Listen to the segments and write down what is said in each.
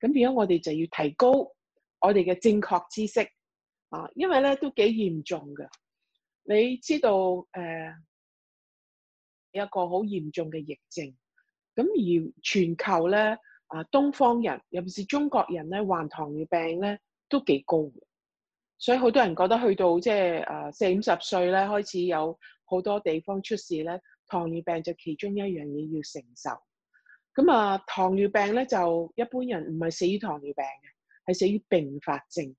咁變咗，我哋就要提高我哋嘅正確知識啊，因為咧都幾嚴重㗎。你知道，誒、呃，有一個好嚴重嘅疫症。咁而全球咧，啊，東方人，尤其是中國人咧，患糖尿病咧都幾高。所以好多人覺得去到即係啊四五十歲咧開始有好多地方出事咧，糖尿病就其中一樣嘢要承受。咁啊，糖尿病咧就一般人唔係死於糖尿病嘅，係死於併發症。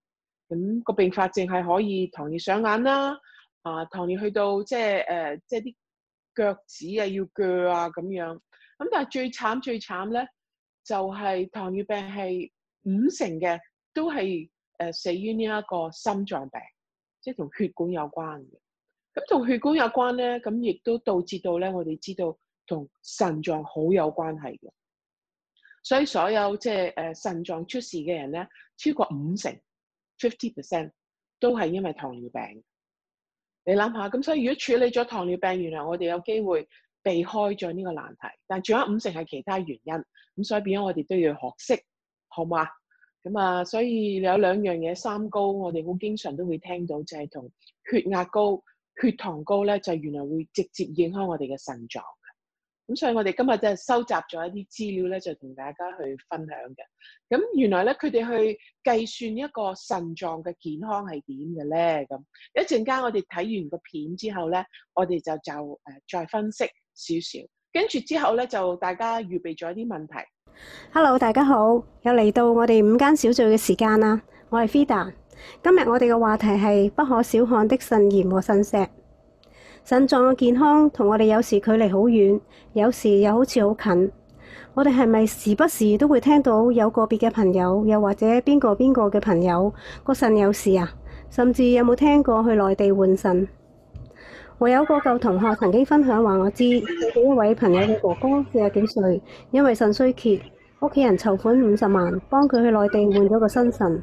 咁個併發症係可以糖尿上眼啦，啊糖尿去到即係誒，即係啲腳趾啊要鋸啊咁樣。咁但係最慘最慘咧，就係糖尿病係五成嘅都係誒死於呢一個心臟病，即係同血管有關嘅。咁同血管有關咧，咁亦都導致到咧，我哋知道。同腎臟好有關係嘅，所以所有即係誒腎臟出事嘅人咧，超過五成 （fifty percent） 都係因為糖尿病。你諗下，咁所以如果處理咗糖尿病，原來我哋有機會避開咗呢個難題。但仲有五成係其他原因，咁所以變咗我哋都要學識，好嘛？咁啊，所以有兩樣嘢，三高，我哋好經常都會聽到，就係、是、同血壓高、血糖高咧，就原來會直接影響我哋嘅腎臟。咁所以我哋今日就收集咗一啲資料咧，就同大家去分享嘅。咁原來咧，佢哋去計算一個腎臟嘅健康係點嘅咧。咁一陣間我哋睇完個片之後咧，我哋就就誒再分析少少，跟住之後咧就大家預備咗一啲問題。Hello，大家好，又嚟到我哋五間小聚嘅時間啦。我係 Fida，今日我哋嘅話題係不可小看的腎炎和腎石。腎臟嘅健康同我哋有時距離好遠，有時又好似好近。我哋係咪時不時都會聽到有個別嘅朋友，又或者邊個邊個嘅朋友個腎有事啊？甚至有冇聽過去內地換腎？我有個舊同學曾經分享話我知，佢一位朋友嘅哥哥四十幾歲，因為腎衰竭，屋企人籌款五十萬幫佢去內地換咗個新腎，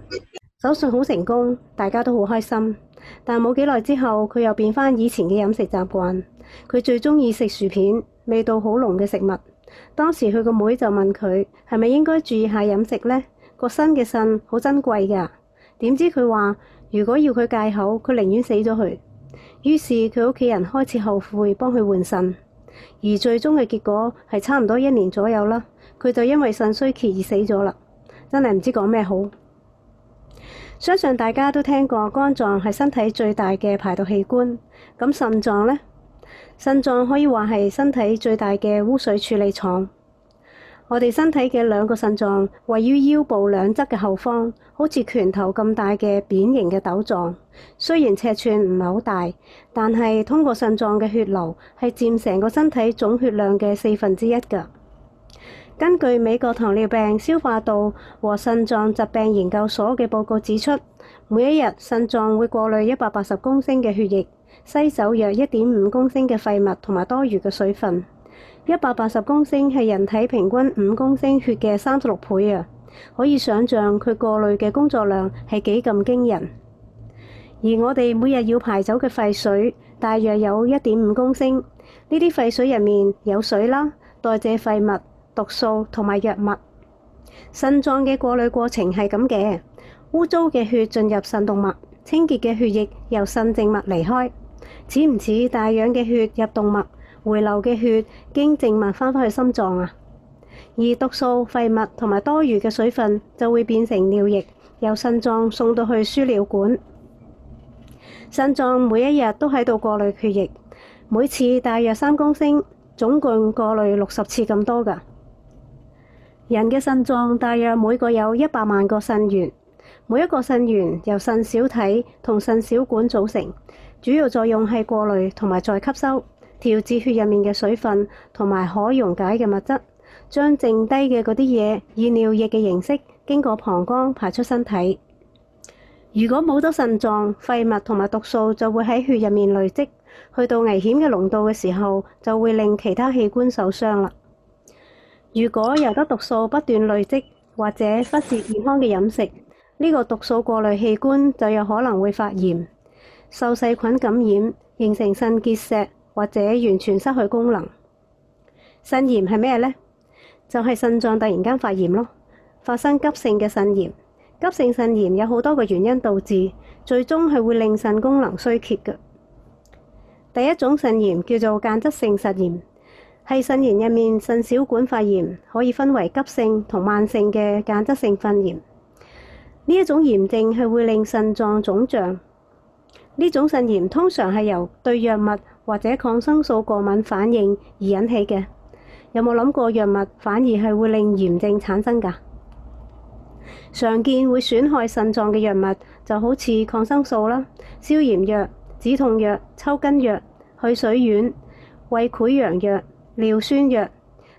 手術好成功，大家都好開心。但冇幾耐之後，佢又變返以前嘅飲食習慣。佢最鍾意食薯片，味道好濃嘅食物。當時佢個妹，妹就問佢，係咪應該注意下飲食咧？個新嘅腎好珍貴噶，點知佢話如果要佢戒口，佢寧願死咗佢。於是佢屋企人開始後悔幫佢換腎，而最終嘅結果係差唔多一年左右啦。佢就因為腎衰竭而死咗啦，真係唔知講咩好。相信大家都聽過，肝臟係身體最大嘅排毒器官。咁腎臟呢？腎臟可以話係身體最大嘅污水處理廠。我哋身體嘅兩個腎臟位於腰部兩側嘅後方，好似拳頭咁大嘅扁形嘅豆狀。雖然尺寸唔係好大，但係通過腎臟嘅血流係佔成個身體總血量嘅四分之一㗎。根據美國糖尿病消化道和腎臟疾病研究所嘅報告指出，每一日腎臟會過濾一百八十公升嘅血液，篩走約一點五公升嘅廢物同埋多餘嘅水分。一百八十公升係人體平均五公升血嘅三十六倍啊！可以想像佢過濾嘅工作量係幾咁驚人。而我哋每日要排走嘅廢水大約有一點五公升，呢啲廢水入面有水啦，代謝廢物，毒素同埋藥物，腎臟嘅過濾過程係咁嘅：污糟嘅血進入腎動脈，清潔嘅血液由腎靜脈離開。似唔似帶氧嘅血入動脈，回流嘅血經靜脈翻返去心臟啊？而毒素、廢物同埋多餘嘅水分就會變成尿液，由腎臟送到去輸尿管。腎臟每一日都喺度過濾血液，每次大約三公升，總共過濾六十次咁多㗎。人嘅腎臟大約每個有一百萬個腎元。每一個腎元由腎小體同腎小管組成，主要作用係過濾同埋再吸收，調節血入面嘅水分同埋可溶解嘅物質，將剩低嘅嗰啲嘢以尿液嘅形式經過膀胱排出身體。如果冇咗腎臟，廢物同埋毒素就會喺血入面累積，去到危險嘅濃度嘅時候，就會令其他器官受傷啦。如果由得毒素不斷累積，或者忽視健康嘅飲食，呢、這個毒素過濾器官就有可能會發炎、受細菌感染，形成腎結石或者完全失去功能。腎炎係咩呢？就係腎臟突然間發炎咯，發生急性嘅腎炎。急性腎炎有好多個原因導致，最終係會令腎功能衰竭嘅。第一種腎炎叫做間質性腎炎。喺腎炎入面，腎小管發炎可以分為急性同慢性嘅間質性腎炎。呢一種炎症係會令腎臟腫脹。呢種腎炎通常係由對藥物或者抗生素過敏反應而引起嘅。有冇諗過藥物反而係會令炎症產生㗎？常見會損害腎臟嘅藥物就好似抗生素啦、消炎藥、止痛藥、抽筋藥、去水丸、胃潰瘍藥、尿酸藥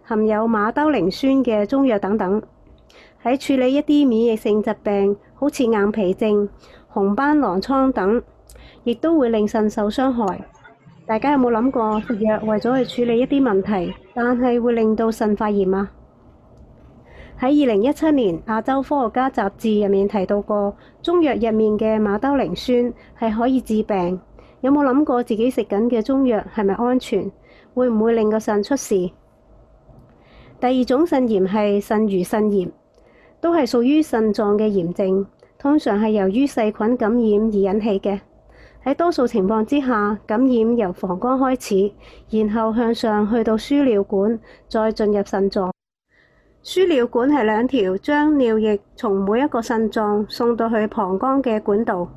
含有馬兜鈴酸嘅中藥等等，喺處理一啲免疫性疾病，好似硬皮症、紅斑狼瘡等，亦都會令腎受傷害。大家有冇諗過食藥為咗去處理一啲問題，但係會令到腎發炎啊？喺二零一七年亞洲科學家雜誌入面提到過，中藥入面嘅馬兜鈴酸係可以治病。有冇諗過自己食緊嘅中藥係咪安全？會唔會令個腎出事？第二種腎炎係腎盂腎炎，都係屬於腎臟嘅炎症，通常係由於細菌感染而引起嘅。喺多數情況之下，感染由膀胱開始，然後向上去到輸尿管，再進入腎臟。輸尿管係兩條，將尿液從每一個腎臟送到去膀胱嘅管道。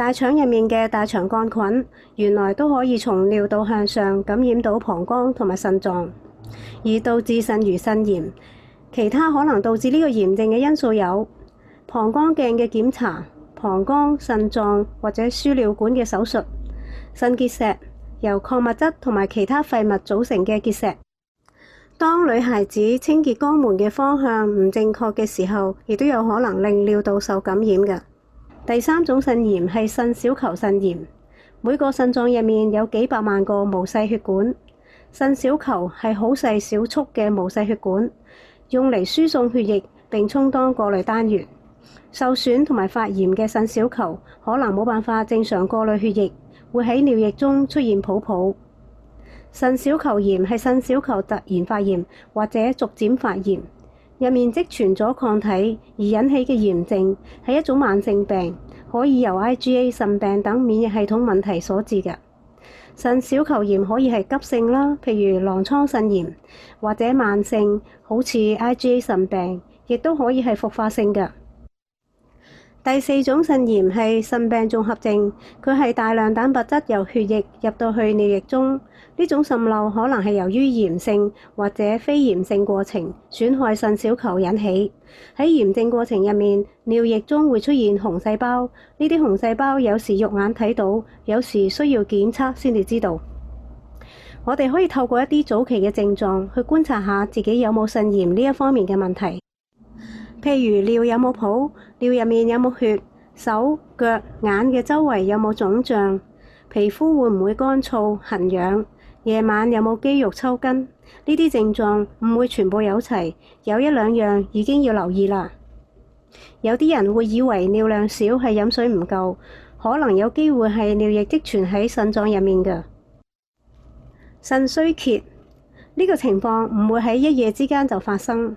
大腸入面嘅大腸桿菌，原來都可以從尿道向上感染到膀胱同埋腎臟，而導致腎盂腎炎。其他可能導致呢個炎症嘅因素有膀胱鏡嘅檢查、膀胱腎臟或者輸尿管嘅手術、腎結石（由礦物質同埋其他廢物組成嘅結石）。當女孩子清潔肛門嘅方向唔正確嘅時候，亦都有可能令尿道受感染嘅。第三種腎炎係腎小球腎炎，每個腎臟入面有幾百萬個毛細血管，腎小球係好細小篤嘅毛細血管，用嚟輸送血液並充當過濾單元。受損同埋發炎嘅腎小球可能冇辦法正常過濾血液，會喺尿液中出現泡泡。腎小球炎係腎小球突然發炎或者逐漸發炎。入面積存咗抗體而引起嘅炎症，係一種慢性病，可以由 IgA 腎病等免疫系統問題所致嘅。腎小球炎可以係急性啦，譬如狼瘡腎炎，或者慢性，好似 IgA 腎病，亦都可以係復發性嘅。第四種腎炎係腎病綜合症，佢係大量蛋白質由血液入到去尿液中。呢種滲漏可能係由於炎性或者非炎性過程，損害腎小球引起。喺炎症過程入面，尿液中會出現紅細胞。呢啲紅細胞有時肉眼睇到，有時需要檢測先至知道。我哋可以透過一啲早期嘅症狀去觀察下自己有冇腎炎呢一方面嘅問題。譬如尿有冇泡，尿入面有冇血，手腳眼嘅周圍有冇腫脹，皮膚會唔會乾燥痕癢，夜晚有冇肌肉抽筋？呢啲症狀唔會全部有齊，有一兩樣已經要留意啦。有啲人會以為尿量少係飲水唔夠，可能有機會係尿液積存喺腎臟入面嘅腎衰竭。呢個情況唔會喺一夜之間就發生。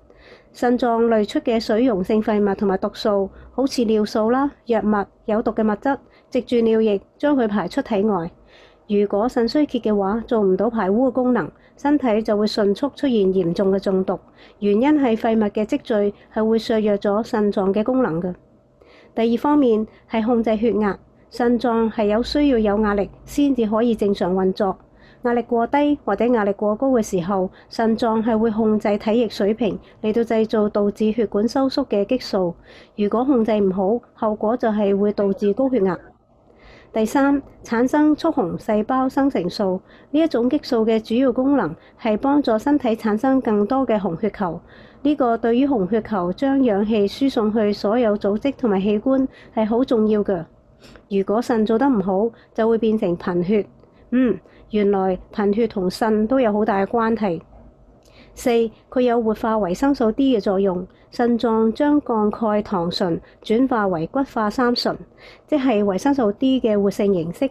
腎臟濾出嘅水溶性廢物同埋毒素，好似尿素啦、藥物、有毒嘅物質，藉住尿液，將佢排出體外。如果腎衰竭嘅話，做唔到排污嘅功能，身體就會迅速出現嚴重嘅中毒。原因係廢物嘅積聚係會削弱咗腎臟嘅功能嘅。第二方面係控制血壓，腎臟係有需要有壓力先至可以正常運作。壓力過低或者壓力過高嘅時候，腎臟係會控制體液水平嚟到製造導致血管收縮嘅激素。如果控制唔好，後果就係會導致高血壓。第三，產生促紅細胞生成素。呢一種激素嘅主要功能係幫助身體產生更多嘅紅血球。呢個對於紅血球將氧氣輸送去所有組織同埋器官係好重要嘅。如果腎做得唔好，就會變成貧血。嗯。原來貧血同腎都有好大嘅關係。四，佢有活化維生素 D 嘅作用。腎臟將降鈣糖醇轉化為骨化三醇，即係維生素 D 嘅活性形式。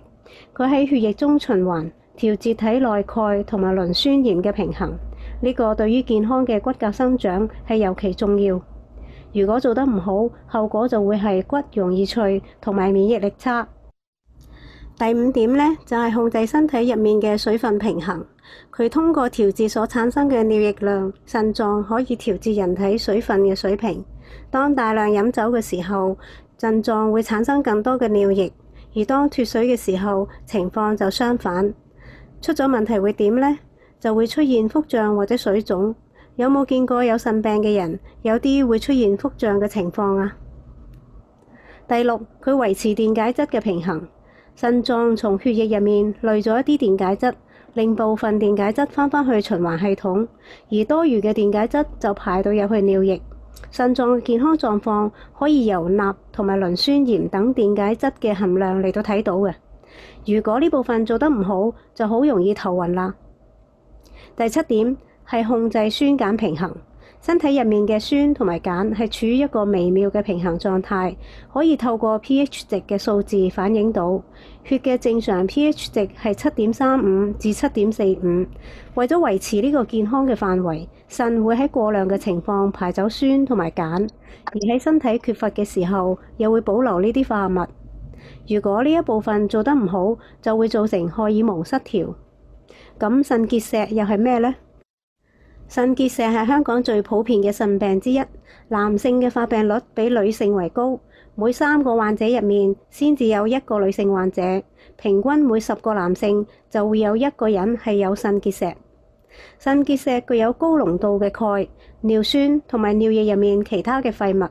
佢喺血液中循環，調節體內鈣同埋磷酸鹽嘅平衡。呢、呢個對於健康嘅骨骼生長係尤其重要。如果做得唔好，後果就會係骨容易脆同埋免疫力差。第五點呢，就係控制身體入面嘅水分平衡。佢通過調節所產生嘅尿液量，腎臟可以調節人體水分嘅水平。當大量飲酒嘅時候，腎臟會產生更多嘅尿液；而當脫水嘅時候，情況就相反。出咗問題會點呢？就會出現腹脹或者水腫。有冇見過有腎病嘅人有啲會出現腹脹嘅情況啊？第六，佢維持電解質嘅平衡。腎臟從血液入面濾咗一啲電解質，令部分電解質返返去循環系統，而多餘嘅電解質就排到入去尿液。腎臟嘅健康狀況可以由鈉同埋磷酸鹽等電解質嘅含量嚟到睇到嘅。如果呢部分做得唔好，就好容易頭暈啦。第七點係控制酸鹼平衡。身體入面嘅酸同埋鹼係處於一個微妙嘅平衡狀態，可以透過 pH 值嘅數字反映到。血嘅正常 pH 值係七點三五至七點四五。為咗維持呢個健康嘅範圍，腎會喺過量嘅情況排走酸同埋鹼，而喺身體缺乏嘅時候又會保留呢啲化合物。如果呢一部分做得唔好，就會造成荷爾蒙失調。咁腎結石又係咩呢？腎結石係香港最普遍嘅腎病之一，男性嘅發病率比女性為高，每三個患者入面先至有一個女性患者，平均每十個男性就會有一個人係有腎結石。腎結石具有高濃度嘅鈣、尿酸同埋尿液入面其他嘅廢物，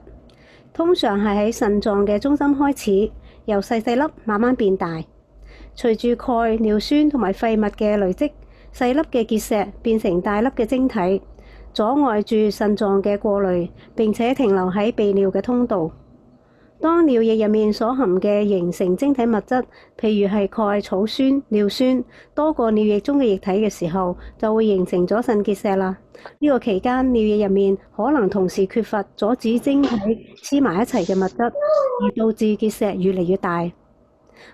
通常係喺腎臟嘅中心開始，由細細粒慢慢變大，隨住鈣、尿酸同埋廢物嘅累積。細粒嘅結石變成大粒嘅晶體，阻礙住腎臟嘅過濾，並且停留喺泌尿嘅通道。當尿液入面所含嘅形成晶體物質，譬如係鈣草酸、尿酸，多過尿液中嘅液體嘅時候，就會形成咗腎結石啦。呢個期間，尿液入面可能同時缺乏阻止晶體黐埋一齊嘅物質，而導致結石越嚟越大。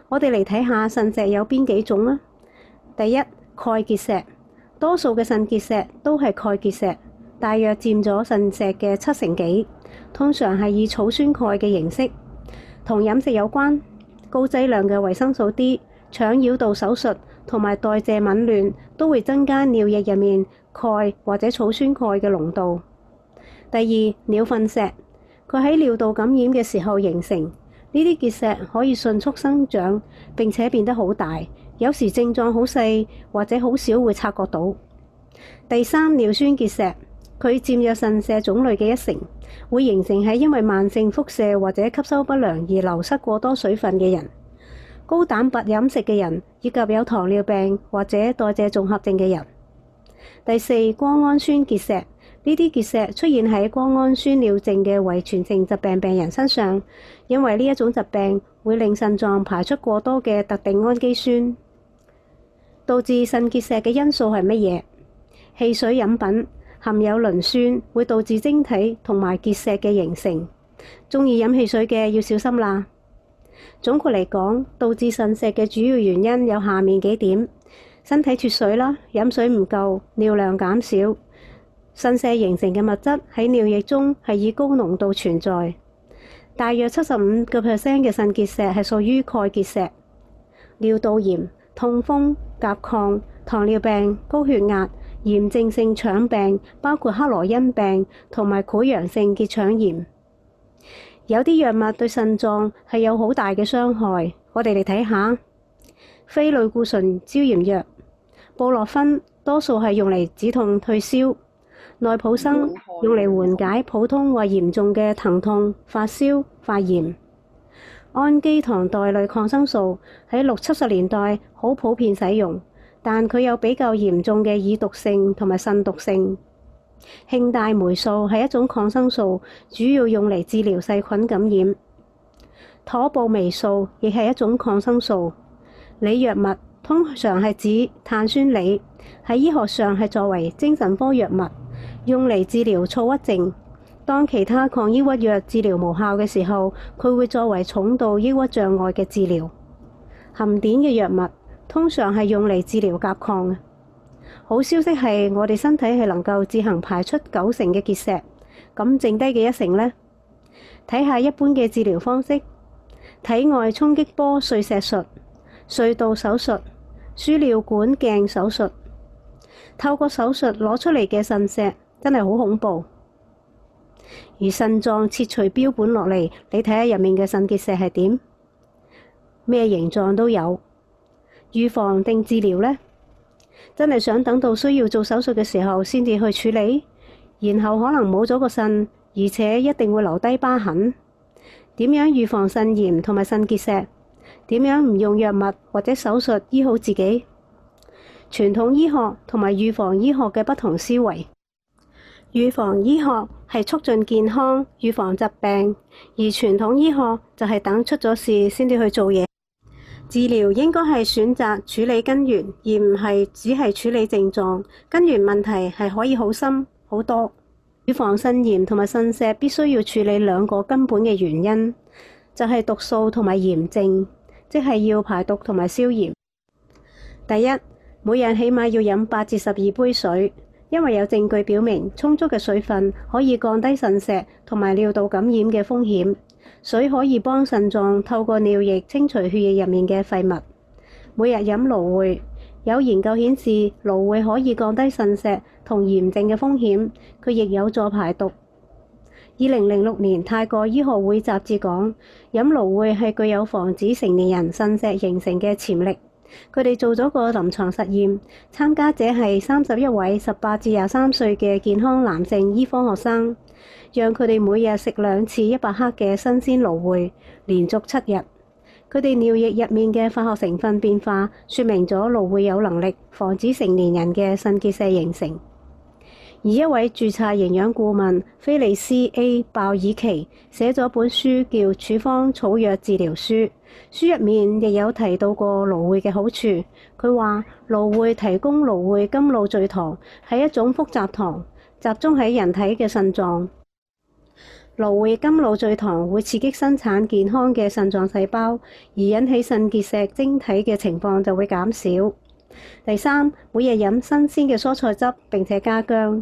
我哋嚟睇下腎石有邊幾種啊？第一。鈣結石，多數嘅腎結石都係鈣結石，大約佔咗腎石嘅七成幾。通常係以草酸鈣嘅形式，同飲食有關。高劑量嘅維生素 D、腸繞道手術同埋代謝紊亂都會增加尿液入面鈣或者草酸鈣嘅濃度。第二，鳥糞石，佢喺尿道感染嘅時候形成，呢啲結石可以迅速生長，並且變得好大。有時症狀好細或者好少會察覺到。第三，尿酸結石，佢佔約腎石種類嘅一成，會形成喺因為慢性腹瀉或者吸收不良而流失過多水分嘅人、高蛋白飲食嘅人以及有糖尿病或者代謝綜合症嘅人。第四，胱氨酸結石，呢啲結石出現喺胱氨酸尿症嘅遺傳性疾病病人身上，因為呢一種疾病會令腎臟排出過多嘅特定氨基酸。導致腎結石嘅因素係乜嘢？汽水飲品含有磷酸，會導致晶體同埋結石嘅形成。鍾意飲汽水嘅要小心啦。總括嚟講，導致腎石嘅主要原因有下面幾點：身體脫水啦，飲水唔夠，尿量減少，腎石形成嘅物質喺尿液中係以高濃度存在。大約七十五個 percent 嘅腎結石係屬於鈣結石、尿道炎。痛風、甲亢、糖尿病、高血壓、炎症性腸病，包括克羅恩病同埋潰瘍性結腸炎。有啲藥物對腎臟係有好大嘅傷害，我哋嚟睇下。非類固醇消炎藥，布洛芬多數係用嚟止痛退燒，奈普生 用嚟緩解普通或嚴重嘅疼痛、發燒、發炎。氨基糖代類抗生素喺六七十年代好普遍使用，但佢有比較嚴重嘅耳毒性同埋腎毒性。慶大霉素係一種抗生素，主要用嚟治療細菌感染。妥布霉素亦係一種抗生素。鋰藥物通常係指碳酸鋰，喺醫學上係作為精神科藥物，用嚟治療躁鬱症。當其他抗抑鬱藥治療無效嘅時候，佢會作為重度抑鬱障礙嘅治療。含碘嘅藥物通常係用嚟治療甲亢嘅。好消息係我哋身體係能夠自行排出九成嘅結石，咁剩低嘅一成呢？睇下一般嘅治療方式：體外衝擊波碎石術、隧道手術、輸尿管鏡手術。透過手術攞出嚟嘅腎石真係好恐怖。而腎臟切除標本落嚟，你睇下入面嘅腎結石係點？咩形狀都有，預防定治療呢，真係想等到需要做手術嘅時候先至去處理，然後可能冇咗個腎，而且一定會留低疤痕。點樣預防腎炎同埋腎結石？點樣唔用藥物或者手術醫好自己？傳統醫學同埋預防醫學嘅不同思維。預防醫學係促進健康、預防疾病，而傳統醫學就係等出咗事先至去做嘢治療。應該係選擇處理根源，而唔係只係處理症狀。根源問題係可以好深好多。預防腎炎同埋腎石，必須要處理兩個根本嘅原因，就係、是、毒素同埋炎症，即係要排毒同埋消炎。第一，每日起碼要飲八至十二杯水。因為有證據表明，充足嘅水分可以降低腎石同埋尿道感染嘅風險。水可以幫腎臟透過尿液清除血液入面嘅廢物。每日飲蘆薈，有研究顯示蘆薈可以降低腎石同炎症嘅風險，佢亦有助排毒。二零零六年泰國醫學會雜誌講，飲蘆薈係具有防止成年人腎石形成嘅潛力。佢哋做咗個臨床實驗，參加者係三十一位十八至廿三歲嘅健康男性醫科學生，讓佢哋每日食兩次一百克嘅新鮮蘆薈，連續七日。佢哋尿液入面嘅化學成分變化，說明咗蘆薈有能力防止成年人嘅腎結石形成。而一位註冊營養顧問菲利斯 A. 鮑爾奇寫咗本書叫《處方草藥治療書》，書入面亦有提到過蘆薈嘅好處。佢話蘆薈提供蘆薈甘露聚糖係一種複雜糖，集中喺人體嘅腎臟。蘆薈甘露聚糖會刺激生產健康嘅腎臟細胞，而引起腎結石晶體嘅情況就會減少。第三，每日飲新鮮嘅蔬菜汁並且加薑。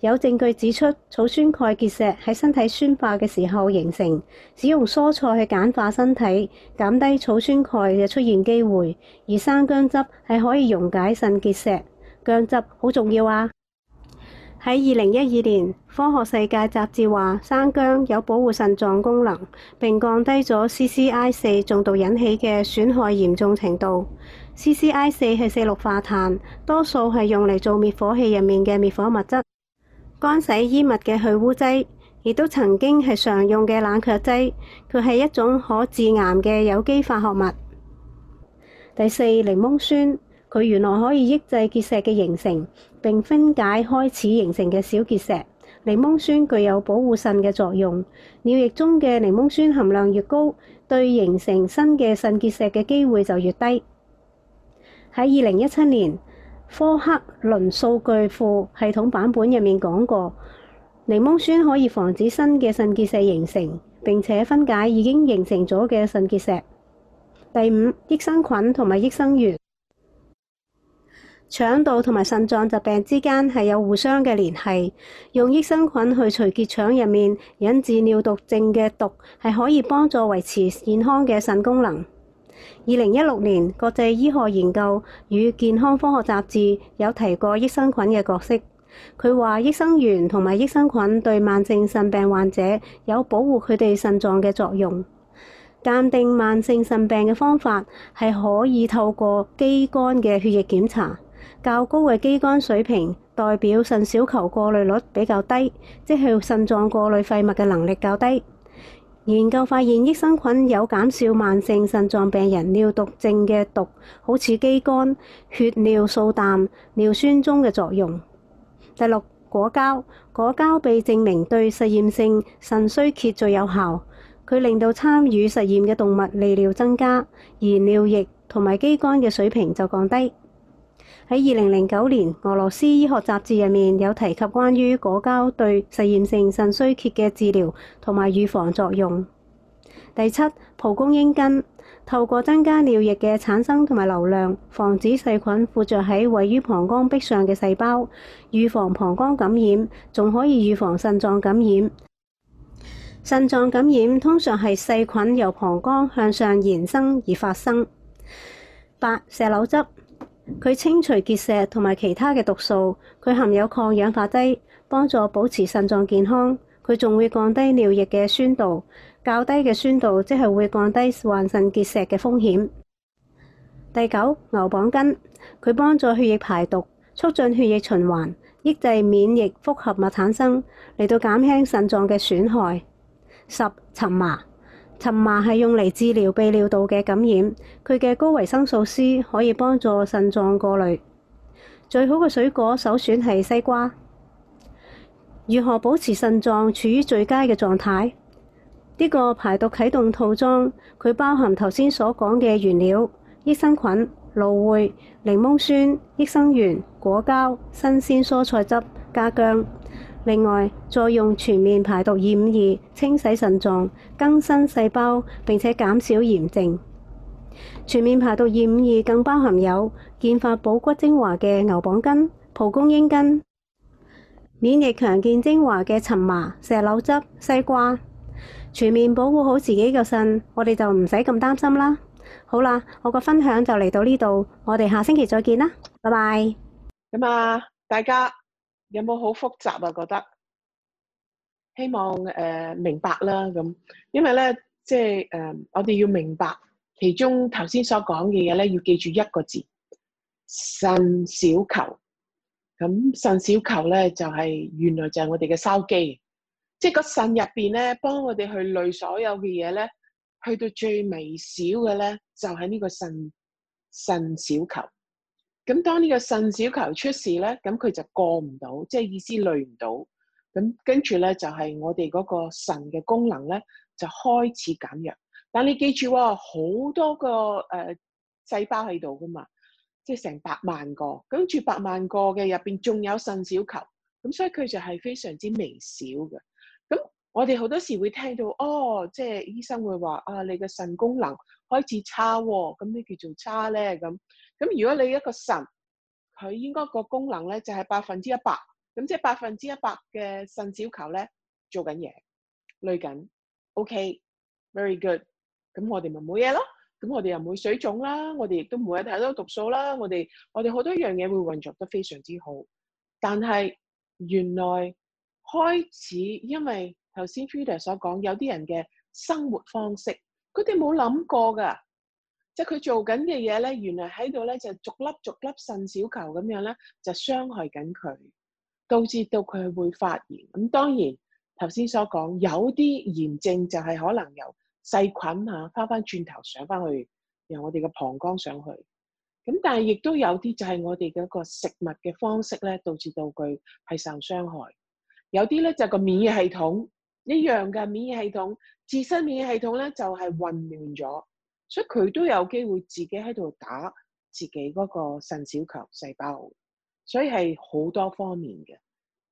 有證據指出，草酸鈣結石喺身體酸化嘅時候形成。使用蔬菜去鹼化身體，減低草酸鈣嘅出現機會。而生姜汁係可以溶解腎結石，薑汁好重要啊！喺二零一二年，《科學世界》雜誌話，生姜有保護腎臟功能，並降低咗 CCI 四中毒引起嘅損害嚴重程度。CCI 四係四氯化碳，多數係用嚟做滅火器入面嘅滅火物質。乾洗衣物嘅去污劑，亦都曾經係常用嘅冷卻劑。佢係一種可致癌嘅有機化學物。第四，檸檬酸，佢原來可以抑制結石嘅形成，並分解開始形成嘅小結石。檸檬酸具有保護腎嘅作用。尿液中嘅檸檬酸含量越高，對形成新嘅腎結石嘅機會就越低。喺二零一七年，科克倫數據庫系統版本入面講過，檸檬酸可以防止新嘅腎結石形成，並且分解已經形成咗嘅腎結石。第五，益生菌同埋益生元，腸道同埋腎臟疾病之間係有互相嘅聯繫。用益生菌去除結腸入面引致尿毒症嘅毒，係可以幫助維持健康嘅腎功能。二零一六年，國際醫學研究與健康科學雜誌有提過益生菌嘅角色。佢話益生元同埋益生菌對慢性腎病患者有保護佢哋腎臟嘅作用。鑒定慢性腎病嘅方法係可以透過肌酐嘅血液檢查，較高嘅肌酐水平代表腎小球過濾率比較低，即係腎臟過濾廢物嘅能力較低。研究發現，益生菌有減少慢性腎臟病人尿毒症嘅毒，好似肌酐、血尿素氮、尿酸中嘅作用。第六，果膠，果膠被證明對實驗性腎衰竭最有效。佢令到參與實驗嘅動物利尿增加，而尿液同埋肌酐嘅水平就降低。喺二零零九年，俄羅斯醫學雜誌入面有提及關於果膠對實驗性腎衰竭嘅治療同埋預防作用。第七，蒲公英根透過增加尿液嘅產生同埋流量，防止細菌附着喺位於膀胱壁上嘅細胞，預防膀胱感染，仲可以預防腎臟感染。腎臟感染通常係細菌由膀胱向上延伸而發生。八，石榴汁。佢清除結石同埋其他嘅毒素，佢含有抗氧化劑，幫助保持腎臟健康。佢仲會降低尿液嘅酸度，較低嘅酸度即係會降低患腎結石嘅風險。第九，牛蒡根，佢幫助血液排毒，促進血液循環，抑制免疫複合物產生，嚟到減輕腎臟嘅損害。十，蕁麻。蕁麻係用嚟治療泌尿道嘅感染，佢嘅高維生素 C 可以幫助腎臟過濾。最好嘅水果首選係西瓜。如何保持腎臟處於最佳嘅狀態？呢、這個排毒啟動套裝，佢包含頭先所講嘅原料、益生菌、蘆薈、檸檬酸、益生元、果膠、新鮮蔬菜汁加薑。另外，再用全面排毒二五二，清洗腎臟、更新細胞，並且減少炎症。全面排毒二五二更包含有健髮保骨精華嘅牛蒡根、蒲公英根，免疫強健精華嘅陳麻、石榴汁、西瓜，全面保護好自己嘅腎，我哋就唔使咁擔心啦。好啦，我個分享就嚟到呢度，我哋下星期再見啦，拜拜。咁啊，大家。有冇好複雜啊？覺得希望誒、呃、明白啦咁，因為咧即係誒、呃、我哋要明白其中頭先所講嘅嘢咧，要記住一個字腎小球。咁腎小球咧就係、是、原來就係我哋嘅筲箕，即係個腎入邊咧，幫我哋去累所有嘅嘢咧，去到最微小嘅咧就喺、是、呢個腎腎小球。咁當呢個腎小球出事咧，咁佢就過唔到，即係意思累唔到。咁跟住咧就係、係、我哋嗰個腎嘅功能咧就開始減弱。但你記住喎、哦，好多個誒細、呃、胞喺度噶嘛，即係成百萬個。跟住百萬個嘅入邊仲有腎小球，咁所以佢就係非常之微小嘅。咁我哋好多時會聽到哦，即係醫生會話啊，你嘅腎功能開始差喎、哦，咁咩叫做差咧咁？咁如果你一個腎，佢應該個功能咧就係百分之一百，咁即係百分之一百嘅腎小球咧做緊嘢，累緊，OK，very good，咁我哋咪冇嘢咯，咁我哋又冇水腫啦，我哋亦都冇有太多毒素啦，我哋我哋好多樣嘢會運作得非常之好，但係原來開始因為頭先 Freder 所講，有啲人嘅生活方式，佢哋冇諗過噶。即係佢做緊嘅嘢咧，原來喺度咧就逐粒逐粒腎小球咁樣咧，就傷害緊佢，導致到佢會發炎。咁當然頭先所講有啲炎症就係可能由細菌嚇翻翻轉頭上翻去由我哋嘅膀胱上去。咁但係亦都有啲就係我哋嗰個食物嘅方式咧，導致到佢係受傷害。有啲咧就係個免疫系統一樣嘅免疫系統自身免疫系統咧就係混亂咗。所以佢都有機會自己喺度打自己嗰個腎小球細胞，所以係好多方面嘅。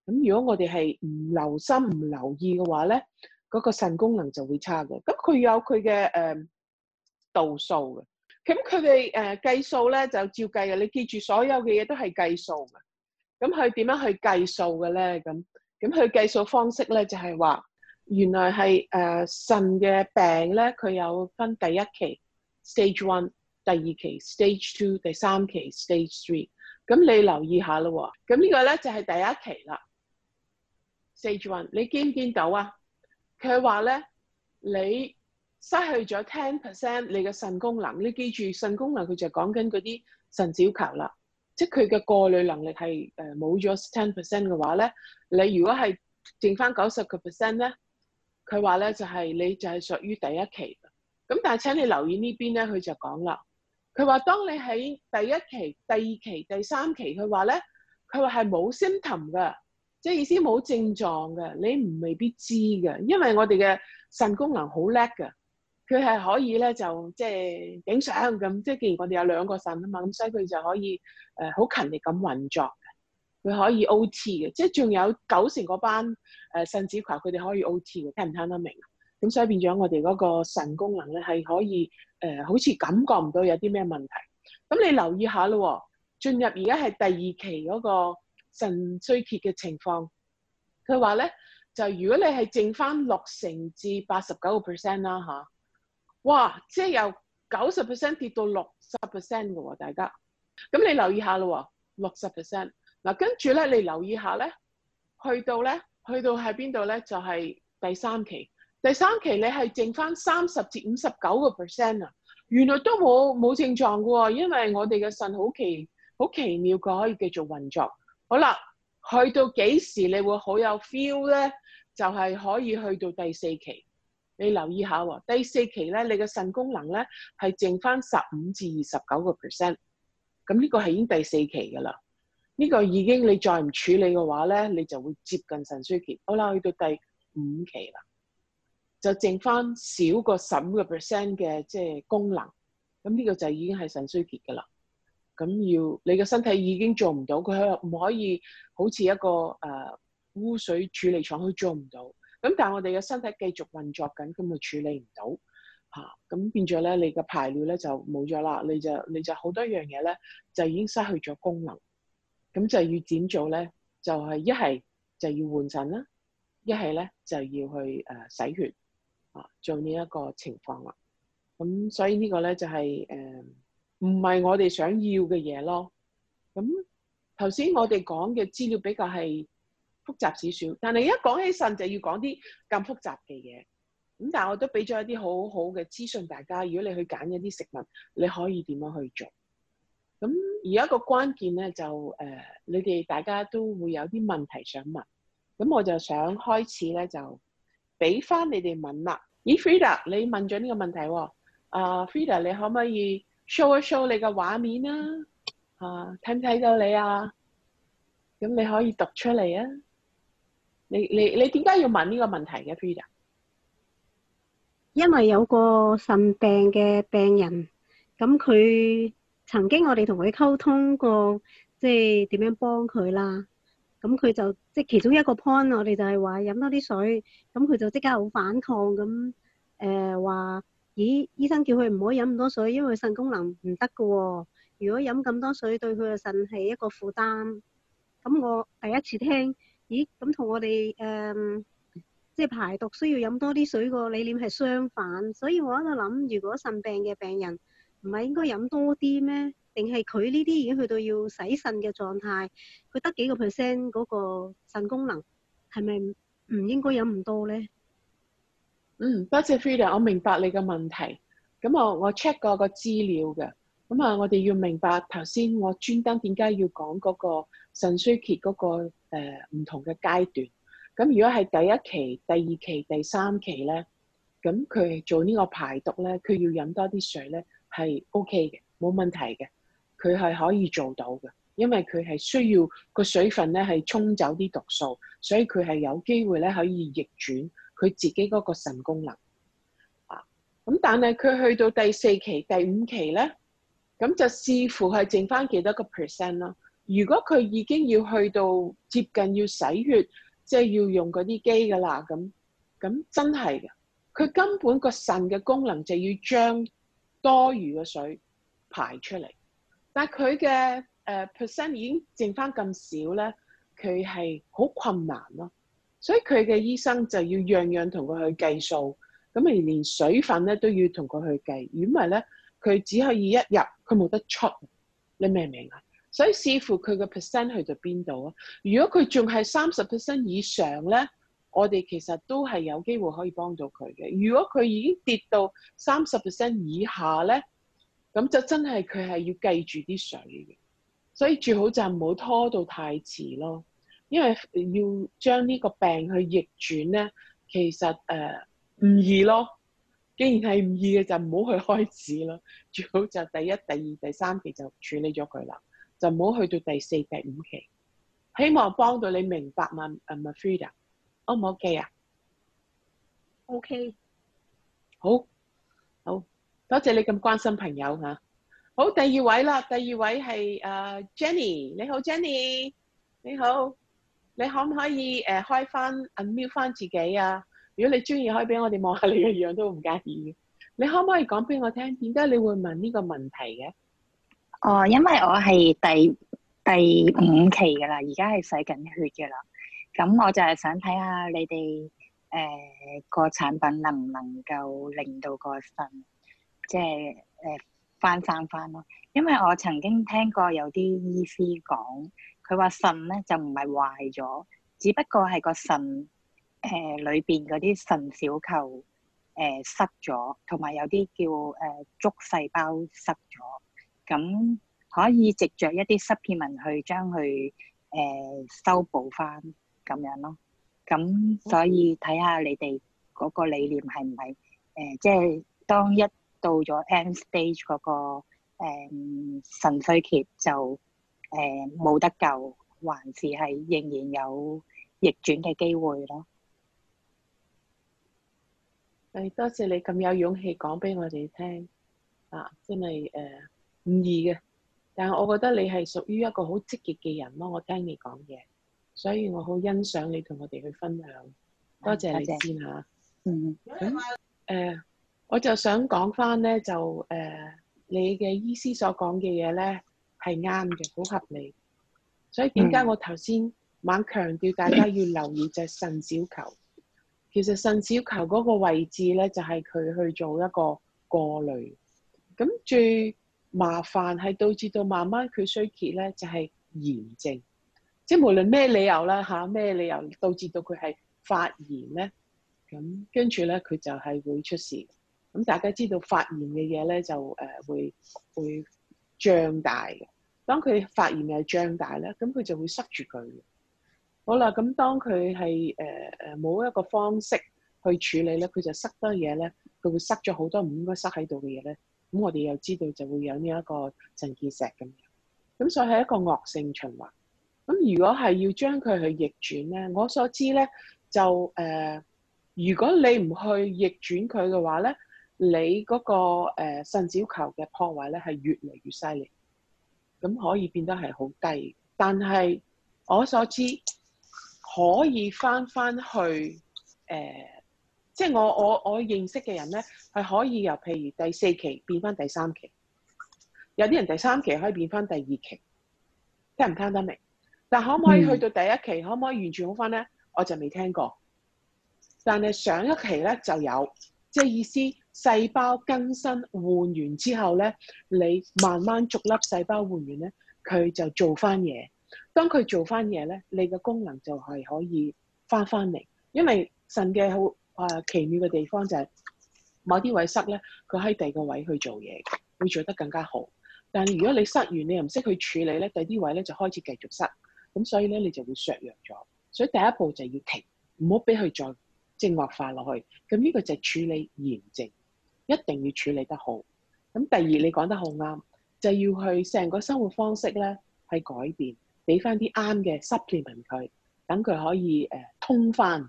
咁如果我哋係唔留心、唔留意嘅話咧，嗰個腎功能就會差嘅。咁佢有佢嘅誒度數嘅。咁佢哋誒計數咧就照計嘅。你記住，所有嘅嘢都係計數嘅。咁佢點樣去計數嘅咧？咁咁佢計數方式咧就係話，原來係誒腎嘅病咧，佢有分第一期。Stage one，第二期，Stage two，第三期，Stage three，咁你留意下咯喎，咁呢個咧就係第一期啦。Stage one，你見唔見到啊？佢話咧，你失去咗 ten percent 你嘅腎功能，你記住腎功能佢就講緊嗰啲腎小球啦，即係佢嘅過濾能力係誒冇咗 ten percent 嘅話咧，你如果係剩翻九十個 percent 咧，佢話咧就係、是、你就係屬於第一期。咁但係請你留意呢邊咧，佢就講啦。佢話：當你喺第一期、第二期、第三期，佢話咧，佢話係冇 symptom 嘅，即係意思冇症狀嘅，你唔未必知嘅。因為我哋嘅腎功能好叻嘅，佢係可以咧就即係影相咁。即係既然我哋有兩個腎啊嘛，咁所以佢就可以誒好、呃、勤力咁運作嘅。佢可以 O T 嘅，即係仲有九成嗰班誒、呃、腎子羣佢哋可以 O T 嘅，聽唔聽得明？咁、嗯、所以變咗我哋嗰個腎功能咧係可以誒、呃，好似感覺唔到有啲咩問題。咁你留意下咯，進入而家係第二期嗰個腎衰竭嘅情況。佢話咧，就如果你係剩翻六成至八十九個 percent 啦嚇、啊，哇！即係由九十 percent 跌到六十 percent 嘅喎，大家。咁你留意下咯，六十 percent 嗱，跟住咧你留意下咧，去到咧去到喺邊度咧就係、是、第三期。第三期你係剩翻三十至五十九個 percent 啊，原來都冇冇症狀嘅，因為我哋嘅腎好奇好奇妙，佢可以繼續運作。好啦，去到幾時你會好有 feel 咧？就係、是、可以去到第四期。你留意下喎，第四期咧，你嘅腎功能咧係剩翻十五至二十九個 percent。咁呢個係已經第四期噶啦，呢、這個已經你再唔處理嘅話咧，你就會接近腎衰竭。好啦，去到第五期啦。就剩翻少過十五個 percent 嘅，即係功能，咁呢個就已經係腎衰竭噶啦。咁要你嘅身體已經做唔到，佢唔可以好似一個誒、呃、污水處理廠，佢做唔到。咁但係我哋嘅身體繼續運作緊，咁就處理唔到吓。咁、啊、變咗咧，你嘅排尿咧就冇咗啦，你就你就好多樣嘢咧就已經失去咗功能。咁就要點做咧？就係一係就要換腎啦，一係咧就要去誒洗血。做呢一個情況啦，咁所以個呢個咧就係誒唔係我哋想要嘅嘢咯。咁頭先我哋講嘅資料比較係複雜少少，但係一講起腎就要講啲咁複雜嘅嘢。咁但係我都俾咗一啲好好嘅資訊，大家如果你去揀一啲食物，你可以點樣去做？咁而家一個關鍵咧就誒、呃，你哋大家都會有啲問題想問，咁我就想開始咧就俾翻你哋問啦。咦、欸、，Frida，你問咗呢個問題喎、哦？啊、uh,，Frida，你可唔可以 show 一 show 你嘅畫面啊？啊，睇唔睇到你啊？咁你可以讀出嚟啊？你你你點解要問呢個問題嘅、啊、，Frida？因為有個腎病嘅病人，咁佢曾經我哋同佢溝通過，即係點樣幫佢啦。咁佢就即係其中一個 point，我哋就係話飲多啲水，咁佢就即刻好反抗咁，誒話咦？醫生叫佢唔可以飲咁多水，因為腎功能唔得嘅喎。如果飲咁多水對佢嘅腎係一個負擔，咁我第一次聽咦？咁同我哋誒、嗯、即係排毒需要飲多啲水個理念係相反，所以我喺度諗，如果腎病嘅病人唔係應該飲多啲咩？定係佢呢啲已經去到要洗腎嘅狀態，佢得幾個 percent 嗰、那個腎功能，係咪唔應該飲唔到咧？嗯，多謝 f r e d e 我明白你嘅問題。咁我我 check 過個資料嘅。咁啊，我哋要明白頭先我專登點解要講嗰個腎衰竭嗰、那個誒唔、呃、同嘅階段。咁如果係第一期、第二期、第三期咧，咁佢做呢個排毒咧，佢要飲多啲水咧，係 O K 嘅，冇問題嘅。佢係可以做到嘅，因為佢係需要個水分咧，係沖走啲毒素，所以佢係有機會咧可以逆轉佢自己嗰個腎功能啊。咁但係佢去到第四期、第五期咧，咁就視乎係剩翻幾多個 percent 咯。如果佢已經要去到接近要洗血，即係要用嗰啲機噶啦，咁咁真係嘅，佢根本個腎嘅功能就要將多餘嘅水排出嚟。但佢嘅誒 percent 已經剩翻咁少咧，佢係好困難咯。所以佢嘅醫生就要樣樣同佢去計數，咁咪連水分咧都要同佢去計。如果唔係咧，佢只可以一入，佢冇得出。你明唔明啊？所以視乎佢嘅 percent 去到邊度啊？如果佢仲係三十 percent 以上咧，我哋其實都係有機會可以幫到佢嘅。如果佢已經跌到三十 percent 以下咧，咁就真係佢係要記住啲水嘅，所以最好就唔好拖到太遲咯。因為要將呢個病去逆轉咧，其實誒唔、呃、易咯。既然係唔易嘅，就唔好去開始咯。最好就第一、第二、第三期就處理咗佢啦，就唔好去到第四、第五期。希望幫到你明白嘛，誒，Frida，O 唔 O K 啊？O K，好。.多謝你咁關心朋友吓，啊，好，第二位啦，第二位係誒、uh, Jenny，你好 Jenny，你好，你可唔可以誒、uh, 開翻 unmute 翻自己啊？如果你專意開可以俾我哋望下你嘅樣都唔介意，你可唔可以講俾我聽，點解你會問呢個問題嘅？哦，因為我係第第五期噶啦，而家係洗緊血噶啦，咁我就係想睇下你哋誒個產品能唔能夠令到個腎。即係誒翻生翻咯，因為我曾經聽過有啲醫師講，佢話腎咧就唔係壞咗，只不過係個腎誒裏邊嗰啲腎小球誒塞咗，同埋有啲叫誒足細胞塞咗，咁可以藉著一啲濕片文去將佢誒修補翻咁樣咯。咁所以睇下你哋嗰個理念係唔係誒？即係當一到咗 M stage 嗰，那個誒腎衰竭就誒冇、嗯、得救，還是係仍然有逆轉嘅機會咯。誒，多謝你咁有勇氣講俾我哋聽啊！真係誒唔易嘅，但係我覺得你係屬於一個好積極嘅人咯。我聽你講嘢，所以我好欣賞你同我哋去分享。多謝你多謝先吓說，嗯誒。我就想講翻咧，就誒、呃、你嘅醫師所講嘅嘢咧係啱嘅，好合理。所以點解我頭先猛強調大家要留意隻腎小球？其實腎小球嗰個位置咧，就係、是、佢去做一個過濾。咁最麻煩係導致到慢慢佢衰竭咧，就係、是、炎症。即係無論咩理由啦，吓，咩理由導致到佢係發炎咧，咁跟住咧佢就係會出事。咁大家知道發炎嘅嘢咧，就誒、呃、會會脹大嘅。當佢發炎係脹大咧，咁佢就會塞住佢。好啦，咁當佢係誒誒冇一個方式去處理咧，佢就塞多嘢咧，佢會塞咗好多唔應該塞喺度嘅嘢咧。咁我哋又知道就會有呢一個腎結石咁樣。咁所以係一個惡性循環。咁如果係要將佢去逆轉咧，我所知咧就誒、呃，如果你唔去逆轉佢嘅話咧。你嗰、那個誒腎、呃、小球嘅破壞咧係越嚟越犀利，咁可以變得係好低。但係我所知可以翻翻去誒、呃，即係我我我認識嘅人咧係可以由譬如第四期變翻第三期，有啲人第三期可以變翻第二期，聽唔聽得明？但可唔可以去到第一期？嗯、可唔可以完全好翻咧？我就未聽過。但係上一期咧就有，即係意思，細胞更新換完之後咧，你慢慢逐粒細胞換完咧，佢就做翻嘢。當佢做翻嘢咧，你嘅功能就係可以翻翻嚟。因為腎嘅好誒奇妙嘅地方就係某啲位塞咧，佢喺第二個位去做嘢，會做得更加好。但係如果你塞完，你又唔識去處理咧，第二啲位咧就開始繼續塞，咁所以咧你就會削弱咗。所以第一步就要停，唔好俾佢再正惡化落去。咁呢個就係處理炎症。一定要處理得好。咁第二，你講得好啱，就係要去成個生活方式咧，係改變，俾翻啲啱嘅 supplement 佢，等佢可以誒通翻，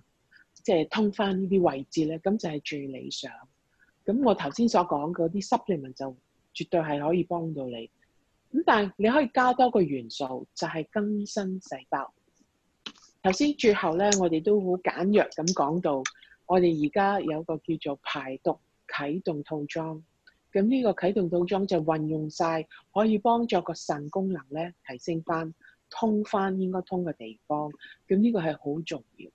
即係通翻呢啲位置咧，咁就係最理想。咁我頭先所講嗰啲 supplement 就絕對係可以幫到你。咁但係你可以加多個元素，就係更新細胞。頭先最後咧，我哋都好簡約咁講到，我哋而家有個叫做排毒啟動套裝，咁呢個啟動套裝就運用晒，可以幫助個腎功能咧提升翻，通翻應該通嘅地方。咁呢個係好重要。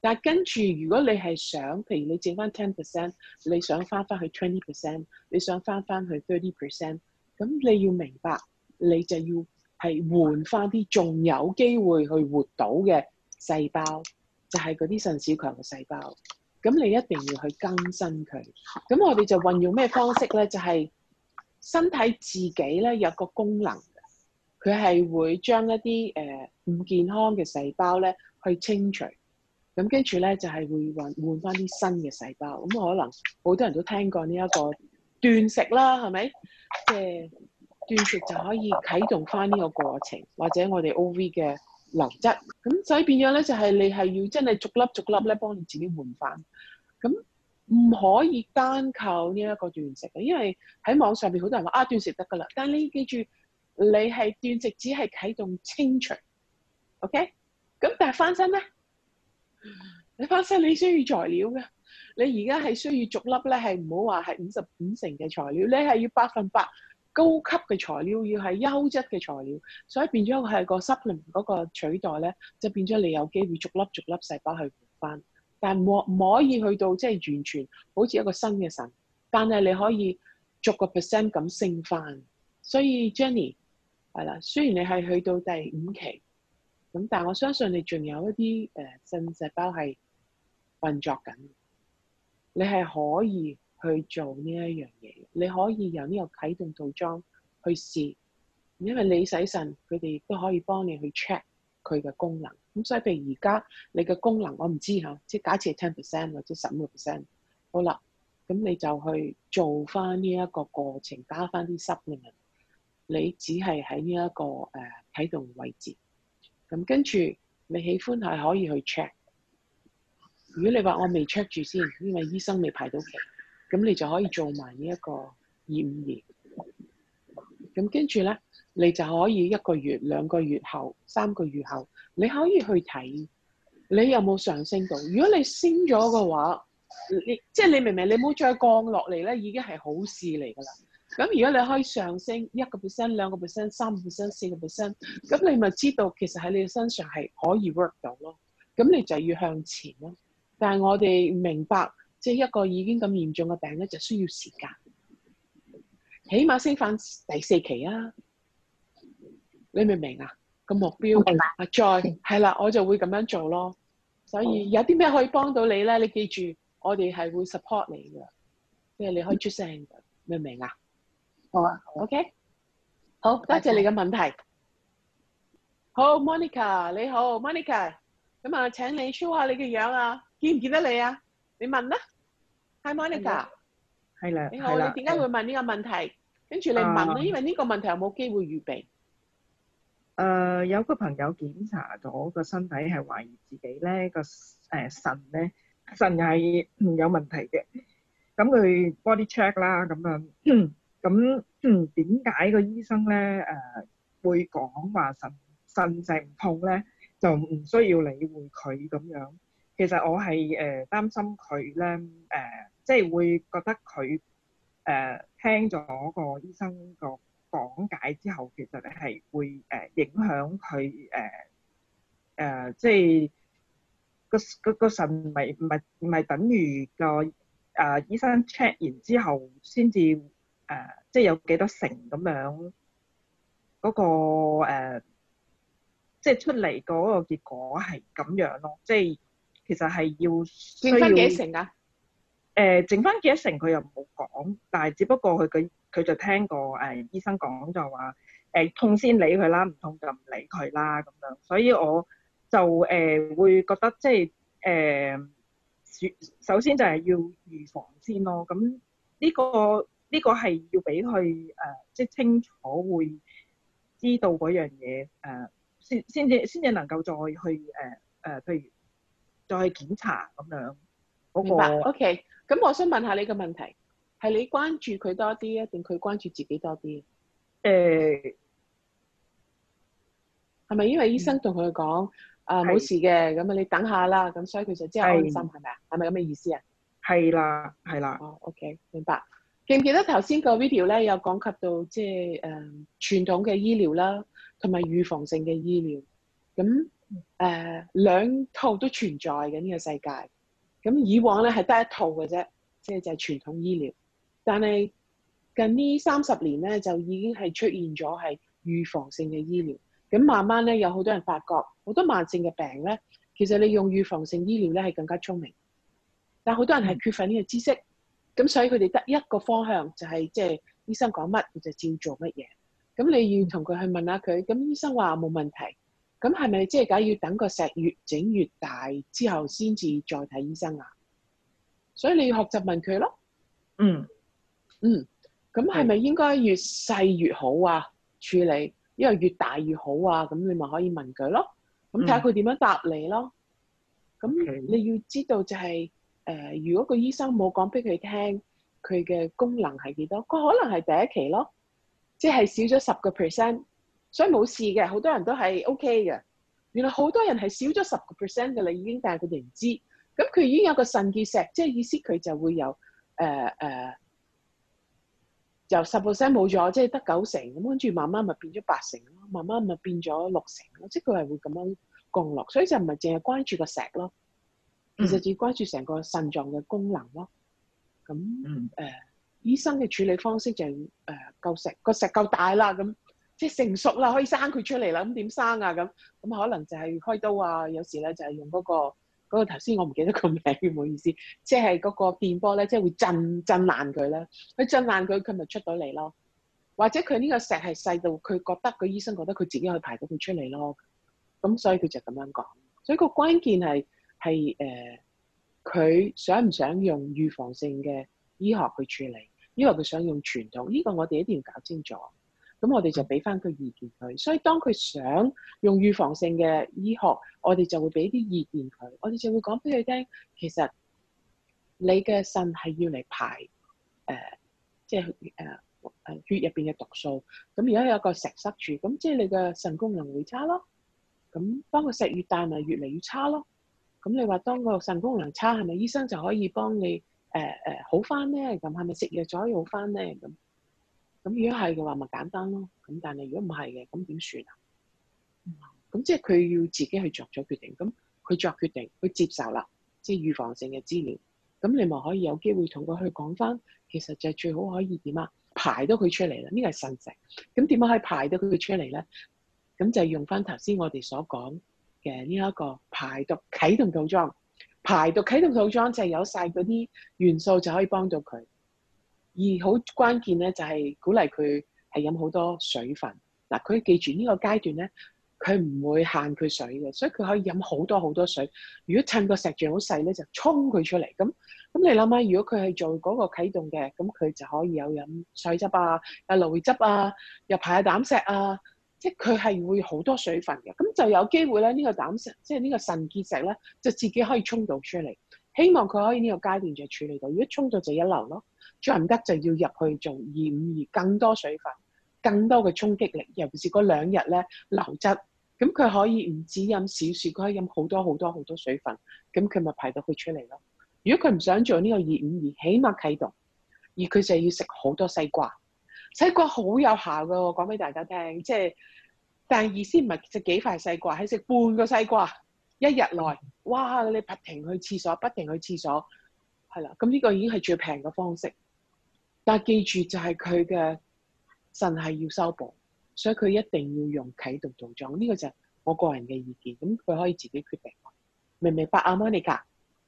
但係跟住，如果你係想，譬如你剩翻 ten percent，你想翻翻去 twenty percent，你想翻翻去 thirty percent，咁你要明白，你就要係換翻啲仲有機會去活到嘅細胞，就係嗰啲腎小強嘅細胞。咁你一定要去更新佢。咁我哋就運用咩方式咧？就係身體自己咧有個功能，佢係會將一啲誒唔健康嘅細胞咧去清除。咁跟住咧就係會運換翻啲新嘅細胞。咁可能好多人都聽過呢一個斷食啦，係咪？即係斷食就可以啟動翻呢個過程，或者我哋 O V 嘅。流質，咁所以變咗咧，就係、是、你係要真係逐粒逐粒咧，幫你自己換翻，咁唔可以單靠呢一個斷食嘅，因為喺網上邊好多人話啊斷食得噶啦，但你記住你係斷食只係啟動清除，OK？咁但係翻身咧，你翻身你需要材料嘅，你而家係需要逐粒咧，係唔好話係五十五成嘅材料，你係要百分百。高級嘅材料要係優質嘅材料，所以變咗係個 supplement 嗰個取代咧，就係變咗你有機會逐粒逐粒細胞去換翻，但係冇唔可以去到即係完全好似一個新嘅腎，但係你可以逐個 percent 咁升翻。所以 Jenny 係啦，雖然你係去到第五期，咁但我相信你仲有一啲誒腎細胞係運作緊，你係可以。去做呢一樣嘢，你可以由呢個啟動套裝去試，因為你洗腎佢哋都可以幫你去 check 佢嘅功能。咁所以譬如而家你嘅功能我唔知吓、啊，即係假設係 ten percent 或者十五個 percent，好啦，咁你就去做翻呢一個過程，加翻啲 supplement 你只係喺呢一個誒、呃、啟動位置，咁跟住你喜歡係可以去 check。如果你話我未 check 住先，因為醫生未排到期。咁你就可以做埋呢一個二五年，咁跟住咧，你就可以一個月、兩個月後、三個月後，你可以去睇，你有冇上升到？如果你升咗嘅話，你即係、就是、你明明你冇再降落嚟咧，已經係好事嚟噶啦。咁如果你可以上升一個 percent、兩個 percent、三個 percent、四個 percent，咁你咪知道其實喺你身上係可以 work 到咯。咁你就要向前咯。但係我哋明白。即係一個已經咁嚴重嘅病咧，就需要時間，起碼先翻第四期啊！你明唔明啊？個目標啊，再係啦，我就會咁樣做咯。所以有啲咩可以幫到你咧？你記住，我哋係會 support 你嘅，即係你可以出聲。明唔明啊？好啊，OK，好，多謝你嘅問題。好，Monica 你好，Monica，咁啊，請你 show 下你嘅樣啊，見唔見得你啊？你問啦。Hi Monica，係啦，你好，你點解會問呢個問題？跟住你問，因為呢個問題有冇機會預備。誒，有個朋友檢查咗個身體，係懷疑自己咧個誒腎咧腎係有問題嘅。咁佢 body check 啦，咁樣咁點解個醫生咧誒會講話腎腎性痛咧？就唔需要理會佢咁樣。其實我係誒擔心佢咧誒。即係會覺得佢誒、呃、聽咗個醫生個講解之後，其實係會誒、呃、影響佢誒誒，即係個個個腎唔係唔係等於個啊、呃、醫生 check 完之後先至誒，即係有幾多成咁樣嗰、那個、呃、即係出嚟嗰個結果係咁樣咯。即係其實係要算返幾成㗎、啊？誒、呃、剩翻幾多成佢又冇講，但係只不過佢佢佢就聽過誒、呃、醫生講就話誒痛先理佢啦，唔痛就唔理佢啦咁樣。所以我就誒、呃、會覺得即係誒、呃，首先就係要預防先咯。咁呢個呢個係要俾佢誒即係清楚會知道嗰樣嘢誒、呃、先先至先至能夠再去誒誒譬如再去檢查咁樣嗰個。明白。OK。咁我想問下你個問題，係你關注佢多啲啊，定佢關注自己多啲？誒、欸，係咪因為醫生同佢講啊冇事嘅，咁啊是你等下啦，咁所以佢就即係安心，係咪啊？係咪咁嘅意思啊？係啦，係啦。哦，OK，明白。記唔記得頭先個 video 咧有講及到即係誒傳統嘅醫療啦，同埋預防性嘅醫療，咁誒、呃、兩套都存在緊呢、這個世界。咁以往咧係得一套嘅啫，即係就係、是、傳統醫療。但係近呢三十年咧，就已經係出現咗係預防性嘅醫療。咁慢慢咧，有好多人發覺，好多慢性嘅病咧，其實你用預防性醫療咧係更加聰明。但好多人係缺乏呢個知識，咁、嗯、所以佢哋得一個方向就係即係醫生講乜佢就照做乜嘢。咁你要同佢去問下佢，咁醫生話冇問題。咁係咪即係，要等個石越整越大之後，先至再睇醫生啊？所以你要學習問佢咯。嗯嗯，咁係咪應該越細越好啊？處理，因為越大越好啊。咁你咪可以問佢咯。咁睇下佢點樣答你咯。咁、嗯、你要知道就係、是、誒、呃，如果個醫生冇講俾佢聽，佢嘅功能係幾多？佢可能係第一期咯，即係少咗十個 percent。所以冇事嘅，好多人都係 OK 嘅。原來好多人係少咗十個 percent 嘅你已經，但係佢哋唔知。咁佢已經有個腎結石，即係意思佢就會有誒誒，就十 percent 冇咗，即係得九成。咁跟住慢慢咪變咗八成，慢慢咪變咗六成。即係佢係會咁樣降落。所以就唔係淨係關注個石咯，其實要關注成個腎臟嘅功能咯。咁誒、嗯呃，醫生嘅處理方式就係、係、誒、呃、夠石個石夠大啦咁。即成熟啦，可以生佢出嚟啦，咁點生啊？咁咁可能就係開刀啊，有時咧就係用嗰個嗰個頭先，嗰個、我唔記得個名，唔好意思。即係嗰個電波咧，即係會震震爛佢咧。佢震爛佢，佢咪出到嚟咯。或者佢呢個石係細到佢覺得，個醫生覺得佢自己可以排到佢出嚟咯。咁所以佢就咁樣講。所以個關鍵係係誒，佢、呃、想唔想用預防性嘅醫學去處理？因為佢想用傳統，呢個我哋一定要搞清楚。咁我哋就俾翻佢意見佢，所以當佢想用預防性嘅醫學，我哋就會俾啲意見佢，我哋就會講俾佢聽，其實你嘅腎係要嚟排誒，即係誒誒血入邊嘅毒素。咁而家有個石塞住，咁即係你嘅腎功能會差咯。咁當個石越大，咪越嚟越差咯。咁你話當個腎功能差，係咪醫生就可以幫你誒誒好翻咧？咁係咪食藥就可以好翻咧？咁？咁如果係嘅話，咪簡單咯。咁但係如果唔係嘅，咁點算啊？咁、嗯、即係佢要自己去作咗決定。咁佢作決定，佢接受啦，即係預防性嘅治療。咁你咪可以有機會同佢去講翻，其實就最好可以點啊？排到佢出嚟啦。呢個係腎石。咁點樣可以排到佢佢出嚟咧？咁就用翻頭先我哋所講嘅呢一個排毒啟動套裝。排毒啟動套裝就係有晒嗰啲元素就可以幫到佢。而好關鍵咧，就係、是、鼓勵佢係飲好多水分。嗱，佢記住呢、這個階段咧，佢唔會限佢水嘅，所以佢可以飲好多好多水。如果趁個石像好細咧，就衝佢出嚟。咁咁你諗下，如果佢係做嗰個啟動嘅，咁佢就可以有飲水汁啊、啊流汁啊、又排下、啊、膽石啊，即係佢係會好多水分嘅。咁就有機會咧，呢、這個膽石即係呢個腎結石咧，就自己可以衝到出嚟。希望佢可以呢個階段就處理到。如果衝到就一流咯。仲唔得就要入去做二五二，更多水分，更多嘅衝擊力。尤其是嗰兩日咧，流質，咁佢可以唔止飲少少，佢可以飲好多好多好多水分。咁佢咪排到佢出嚟咯。如果佢唔想做呢個二五二，起碼啟動，而佢就要食好多西瓜，西瓜好有效噶，講俾大家聽。即係，但係意思唔係食幾塊西瓜，係食半個西瓜，一日內，哇！你不停去廁所，不停去廁所，係啦。咁呢個已經係最平嘅方式。但係記住就係佢嘅神係要修補，所以佢一定要用啟動套裝。呢、這個就係我個人嘅意見，咁、嗯、佢可以自己決定。明唔明白阿、啊、Monica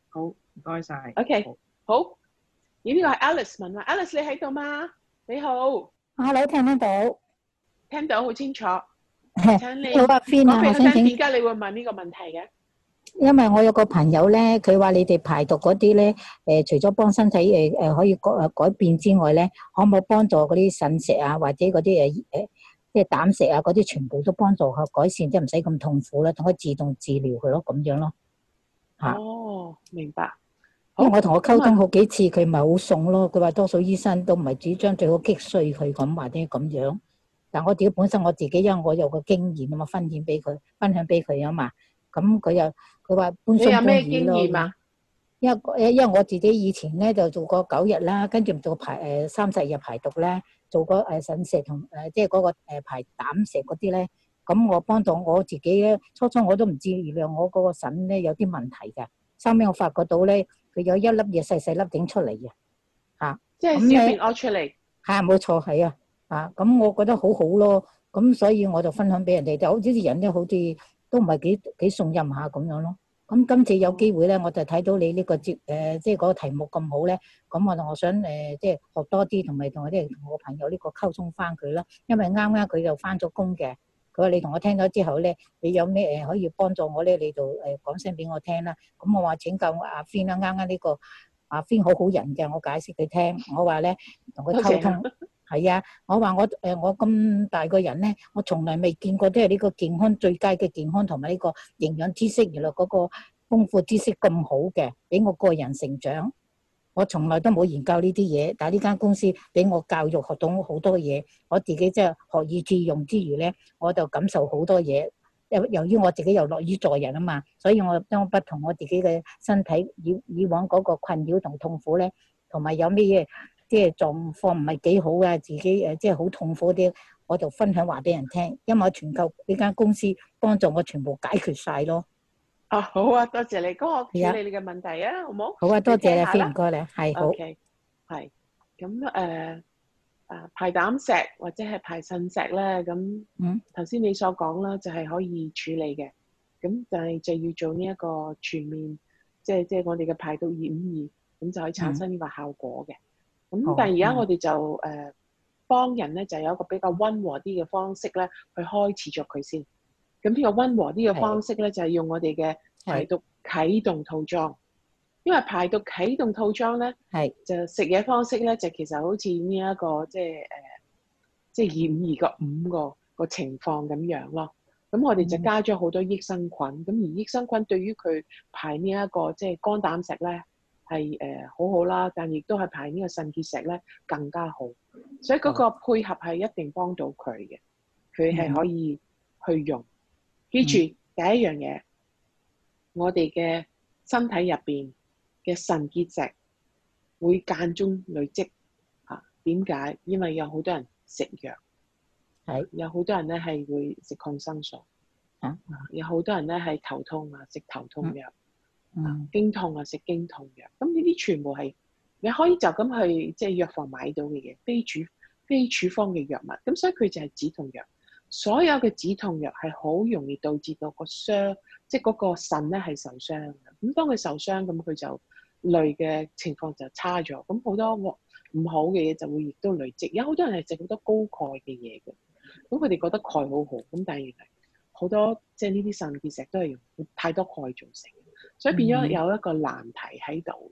好，唔該晒。OK，好。咦，呢、這個係 Alice 問啦，Alice 你喺度嗎？你好，啊，你好，聽得到？聽到，好清楚。請 你，老闆 friend 點解你會問呢個問題嘅？因為我有個朋友咧，佢話你哋排毒嗰啲咧，誒、呃，除咗幫身體誒誒、呃呃、可以改改變之外咧，可唔可以幫助嗰啲腎石啊，或者嗰啲誒誒即係膽石啊嗰啲，全部都幫助佢改善，即係唔使咁痛苦啦，等佢自動治療佢咯，咁樣咯，吓。哦，明白。因為我同我溝通好幾次，佢咪好送咯。佢話多數醫生都唔係主張最好擊碎佢咁或者咁樣。但我自己本身我自己，因為我有個經驗啊嘛，我分享俾佢，分享俾佢啊嘛。咁佢又佢話搬鬆搬軟咯，因為因為我自己以前咧就做過九日啦，跟住唔做排誒、呃、三十日排毒咧，做過、呃呃即係嗰個誒腎石同誒即係嗰個排膽石嗰啲咧。咁我幫到我自己咧，初初我都唔知原來我嗰個腎咧有啲問題㗎。後尾我發覺到咧，佢有一粒嘢細細粒整出嚟嘅嚇，啊、即係小便攞出嚟嚇，冇你、啊、錯係啊嚇。咁、啊啊啊啊啊、我覺得好好咯，咁所以我就分享俾人哋就好似啲人咧好似，都唔係幾幾信任下咁樣咯。咁、嗯、今次有機會咧，我就睇到你呢、這個接誒、呃，即係嗰個題目咁好咧。咁我就我想誒、呃，即係學多啲，同埋同我啲同我朋友呢個溝通返佢啦。因為啱啱佢就返咗工嘅，佢話你同我聽咗之後咧，你有咩誒可以幫助我咧？你就誒、呃、講聲俾我聽啦。咁、嗯、我話請教阿芬啦，啱啱呢個阿芬好好人嘅，我解釋佢聽，我話咧同佢溝通。Okay. 係啊！我話我誒，我咁大個人咧，我從來未見過，即係呢個健康最佳嘅健康，同埋呢個營養知識，原來嗰個豐富知識咁好嘅，俾我個人成長。我從來都冇研究呢啲嘢，但係呢間公司俾我教育學到好多嘢，我自己即係學以致用之餘咧，我就感受好多嘢。由由於我自己又樂於助人啊嘛，所以我將不同我自己嘅身體以以往嗰個困擾同痛苦咧，同埋有咩嘢？即係狀況唔係幾好嘅，自己誒，即係好痛苦啲，我就分享話俾人聽，因為我全球呢間公司幫助我全部解決晒咯。啊，好啊，多謝你，哥，我處理你嘅問題啊，好唔嗎好？好啊，多謝你，非迎過你係好，係咁誒，啊、呃，排膽石或者係排腎石咧，咁嗯，頭先你所講啦，就係可以處理嘅，咁、嗯、就係就要做呢一個全面，即係即係我哋嘅排毒二五二，咁就可以產生呢個效果嘅。嗯咁但係而家我哋就誒幫 Okay.、呃、人咧，就有一個比較温和啲嘅方式咧，去開始咗佢先。咁呢個温和啲嘅方式咧，Okay. 就係用我哋嘅排毒啟動套裝，Okay. 因為排毒啟動套裝咧，係 Okay. 就食嘢方式咧，就其實好似呢、這個就是呃就是、一個即係誒即係掩義個五個個情況咁樣咯。咁我哋就加咗好多益生菌。咁 Okay. 而益生菌對於佢排、這個就是、呢一個即係肝膽石咧。係誒、呃、好好啦，但亦都係排呢個腎結石咧更加好，所以嗰個配合係一定幫到佢嘅。佢係可以去用。記住、mm hmm. 第一樣嘢，我哋嘅身體入邊嘅腎結石會間中累積嚇。點、啊、解？因為有好多人食藥，係、mm hmm. 嗯、有好多人咧係會食抗生素，嚇、mm hmm. 嗯、有好多人咧係頭痛啊食頭痛藥。Mm hmm. 嗯，經痛啊，食經痛藥。咁呢啲全部係你可以就咁去即係、就是、藥房買到嘅嘢，非處非處方嘅藥物咁，所以佢就係止痛藥。所有嘅止痛藥係好容易導致到個傷，即係嗰個腎咧係受，受傷。咁當佢受傷，咁佢就累嘅情況就差咗。咁好多唔好嘅嘢就會亦都累積。有好多人係食好多高鈣嘅嘢嘅，咁佢哋覺得鈣好好咁，但係原來好多即係呢啲腎結石都係用太多鈣造成嘅。所以變咗有一個難題喺度，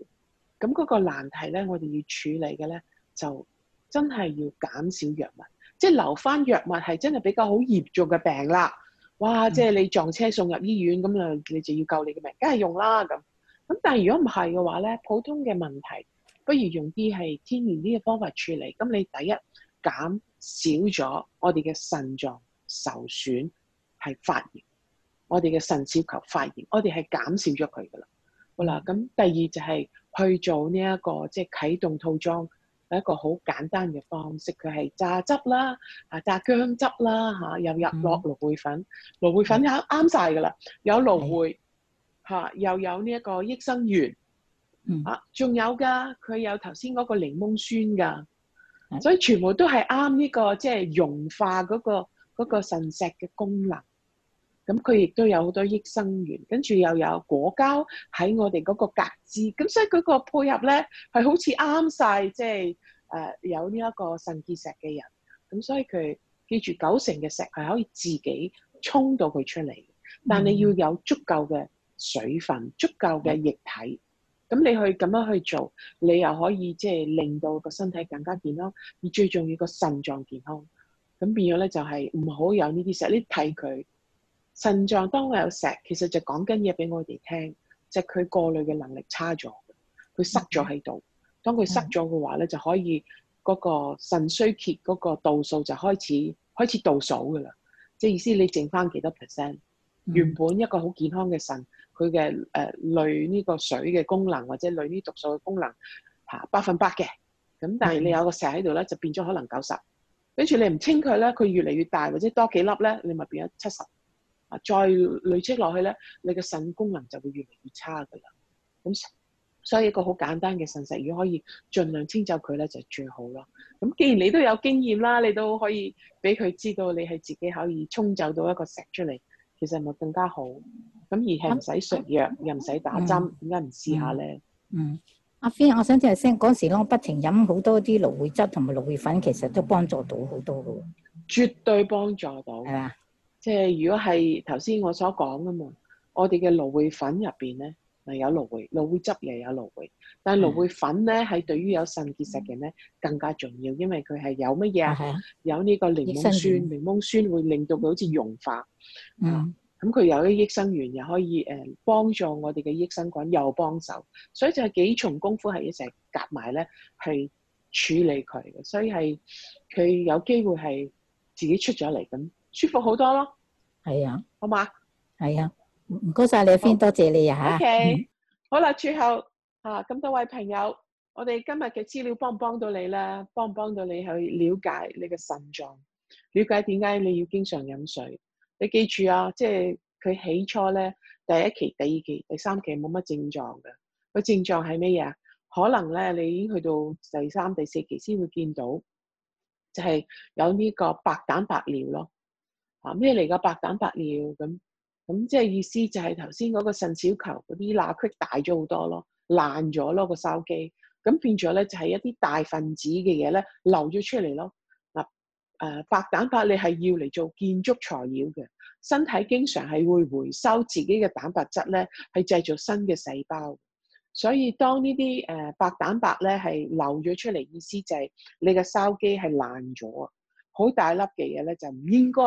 咁嗰個難題咧，我哋要處理嘅咧，就真係要減少藥物，即係留返藥物係真係比較好嚴重嘅病啦。哇！即係你撞車送入醫院咁啦，你就要救你嘅命，梗係用啦咁。咁但係如果唔係嘅話咧，普通嘅問題，不如用啲係天然啲嘅方法處理。咁你第一減少咗我哋嘅腎臟受損，係發炎。我哋嘅腎小球發炎，我哋係減少咗佢噶啦。好啦，咁第二就係去做呢、這個、一個即係啟動套裝，有一個好簡單嘅方式。佢係榨汁啦，啊榨薑汁啦，嚇、啊、又入落蘆薈粉，蘆薈、嗯、粉啱晒噶啦，有蘆薈嚇，又有呢一個益生元，嗯、啊仲有噶，佢有頭先嗰個檸檬酸噶，所以全部都係啱呢個即係溶化嗰、那個嗰、那個那個、腎石嘅功能。咁佢亦都有好多益生元，跟住又有果膠喺我哋嗰個格子，咁所以佢個配合咧係好似啱晒，即係誒、呃、有呢一個腎結石嘅人咁，所以佢記住九成嘅石係可以自己沖到佢出嚟，但你要有足夠嘅水分、嗯、足夠嘅液體，咁、嗯、你去咁樣去做，你又可以即係令到個身體更加健康。而最重要個腎臟健康，咁變咗咧就係唔好有呢啲石。你睇佢。腎臟當我有石，其實就講緊嘢俾我哋聽，就係佢過濾嘅能力差咗，佢塞咗喺度。當佢塞咗嘅話咧，就可以嗰個腎衰竭嗰個度數就開始開始倒數噶啦。即係意思你剩翻幾多 percent？原本一個好健康嘅腎，佢嘅誒濾呢個水嘅功能或者濾呢毒素嘅功能嚇百分百嘅咁，但係你有個石喺度咧，就變咗可能九十。跟住你唔清佢咧，佢越嚟越大，或者多幾粒咧，你咪變咗七十。再累積落去咧，你嘅腎功能就會越嚟越差噶啦。咁所以一個好簡單嘅腎石，如果可以盡量清走佢咧，就最好咯。咁既然你都有經驗啦，你都可以俾佢知道，你係自己可以沖走到一個石出嚟，其實咪更加好。咁而係唔使食藥，啊、又唔使打針，點解唔試下咧？嗯，阿菲，嗯啊、ee，我想知下先嗰時咧，我不停飲好多啲蘆薈汁同埋蘆薈粉，其實都幫助到好多嘅喎。絕對幫助到。係嘛？即係如果係頭先我所講啊嘛，我哋嘅蘆薈粉入邊咧，嗱有蘆薈，蘆薈汁又有蘆薈。但係蘆薈粉咧係對於有腎結石嘅咧更加重要，因為佢係有乜嘢啊？有呢個檸檬酸，嗯、檸檬酸會令到佢好似溶化。嗯，咁佢、嗯、有啲益生元，又可以誒幫助我哋嘅益生菌又幫手，所以就係幾重功夫係一齊夾埋咧去處理佢嘅，所以係佢有機會係自己出咗嚟咁。舒服好多咯，係啊，好嘛吧？係啊，唔該晒你啊，先多謝你啊吓。OK，好啦，最後啊，咁多位朋友，我哋今日嘅資料幫唔幫到你咧？幫唔幫到你去了解你嘅腎臟？了解點解你要經常飲水？你記住啊，即係佢起初咧，第一期、第二期、第三期冇乜症狀嘅，個症狀係咩嘢？可能咧，你已經去到第三、第四期先會見到，就係有呢個白蛋白尿咯。啊，咩嚟噶白蛋白尿？咁，咁即係意思就係頭先嗰個腎小球嗰啲罅隙大咗好多咯，爛咗咯，個筲箕咁變咗咧就係、是、一啲大分子嘅嘢咧流咗出嚟咯。嗱誒、呃、白蛋白你係要嚟做建築材料嘅，身體經常係會回收自己嘅蛋白質咧係製造新嘅細胞，所以當呢啲誒白蛋白咧係流咗出嚟，意思就係你個筲箕係爛咗啊好大粒嘅嘢咧，就唔應該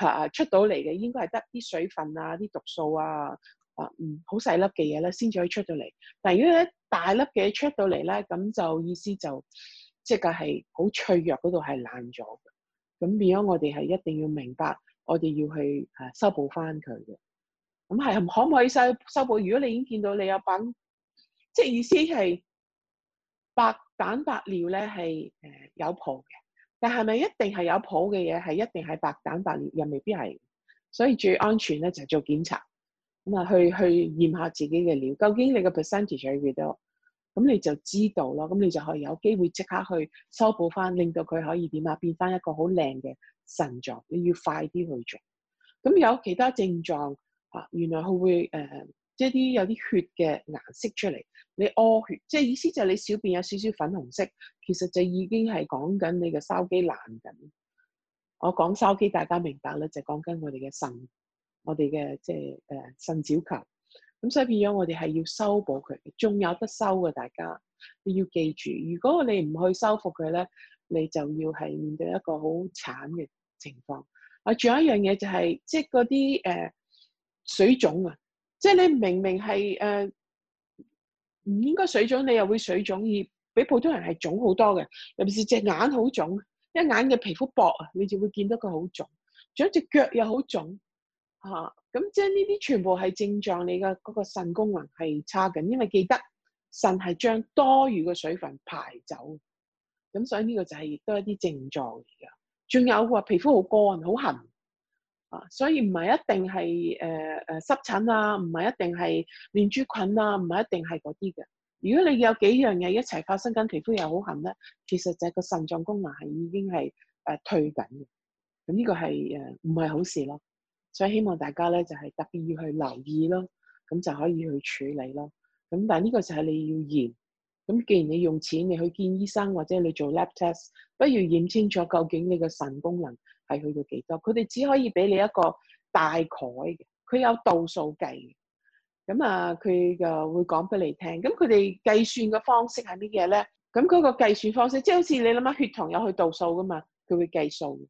嚇、啊、出到嚟嘅，應該係得啲水分啊、啲毒素啊啊嗯，好細粒嘅嘢咧，先至可以出到嚟。但係如果一大粒嘅嘢出到嚟咧，咁就意思就是、即係係好脆弱嗰度係爛咗嘅。咁變咗我哋係一定要明白，我哋要去誒、啊、修補翻佢嘅。咁係可唔可以修修補？如果你已經見到你阿品，即係意思係白蛋白尿咧係誒有泡嘅。但係咪一定係有泡嘅嘢？係一定係白蛋白尿又未必係，所以最安全咧就係做檢查，咁啊去去驗下自己嘅尿，究竟你嘅 percentage 係幾多？咁你就知道咯，咁你就可以有機會即刻去修補翻，令到佢可以點啊變翻一個好靚嘅腎臟。你要快啲去做，咁有其他症狀啊？原來佢會誒，即係啲有啲血嘅顏色出嚟。你屙血，即係意思就係你小便有少少粉紅色，其實就已經係講緊你嘅筲箕爛緊。我講筲箕，大家明白啦，就講、是、緊我哋嘅腎，我哋嘅即係誒腎小球。咁所以變咗，我哋係要修補佢，仲有得修嘅。大家你要記住，如果你唔去修復佢咧，你就要係面對一個好慘嘅情況。啊，仲有一樣嘢就係、是，即係嗰啲誒水腫啊，即係你明明係誒。呃唔應該水腫，你又會水腫，而比普通人係腫好多嘅，尤其是隻眼好腫，一眼嘅皮膚薄啊，你就會見到佢好腫，仲有隻腳又好腫嚇，咁、啊、即係呢啲全部係症狀，你嘅嗰個腎功能係差緊，因為記得腎係將多餘嘅水分排走，咁所以呢個就係、亦、都一啲症狀嚟㗎，仲有話皮膚好乾好痕。啊，所以唔係一定係誒誒濕疹啊，唔係一定係連珠菌啊，唔係一定係嗰啲嘅。如果你有幾樣嘢一齊發生緊，皮膚又好痕咧，其實就係個腎臟功能係已經係誒、呃、退緊嘅。咁呢個係誒唔係好事咯。所以希望大家咧就係、是、特別要去留意咯，咁就可以去處理咯。咁但係呢個就係你要驗。咁既然你用錢，你去見醫生或者你做 lab test，不如驗清楚究竟你個腎功能。係去到幾多？佢哋只可以俾你一個大概嘅，佢有度數計嘅，咁啊佢就會講俾你聽。咁佢哋計算嘅方式係乜嘢咧？咁嗰個計算方式，即係好似你諗下血糖有去度數噶嘛？佢會計數。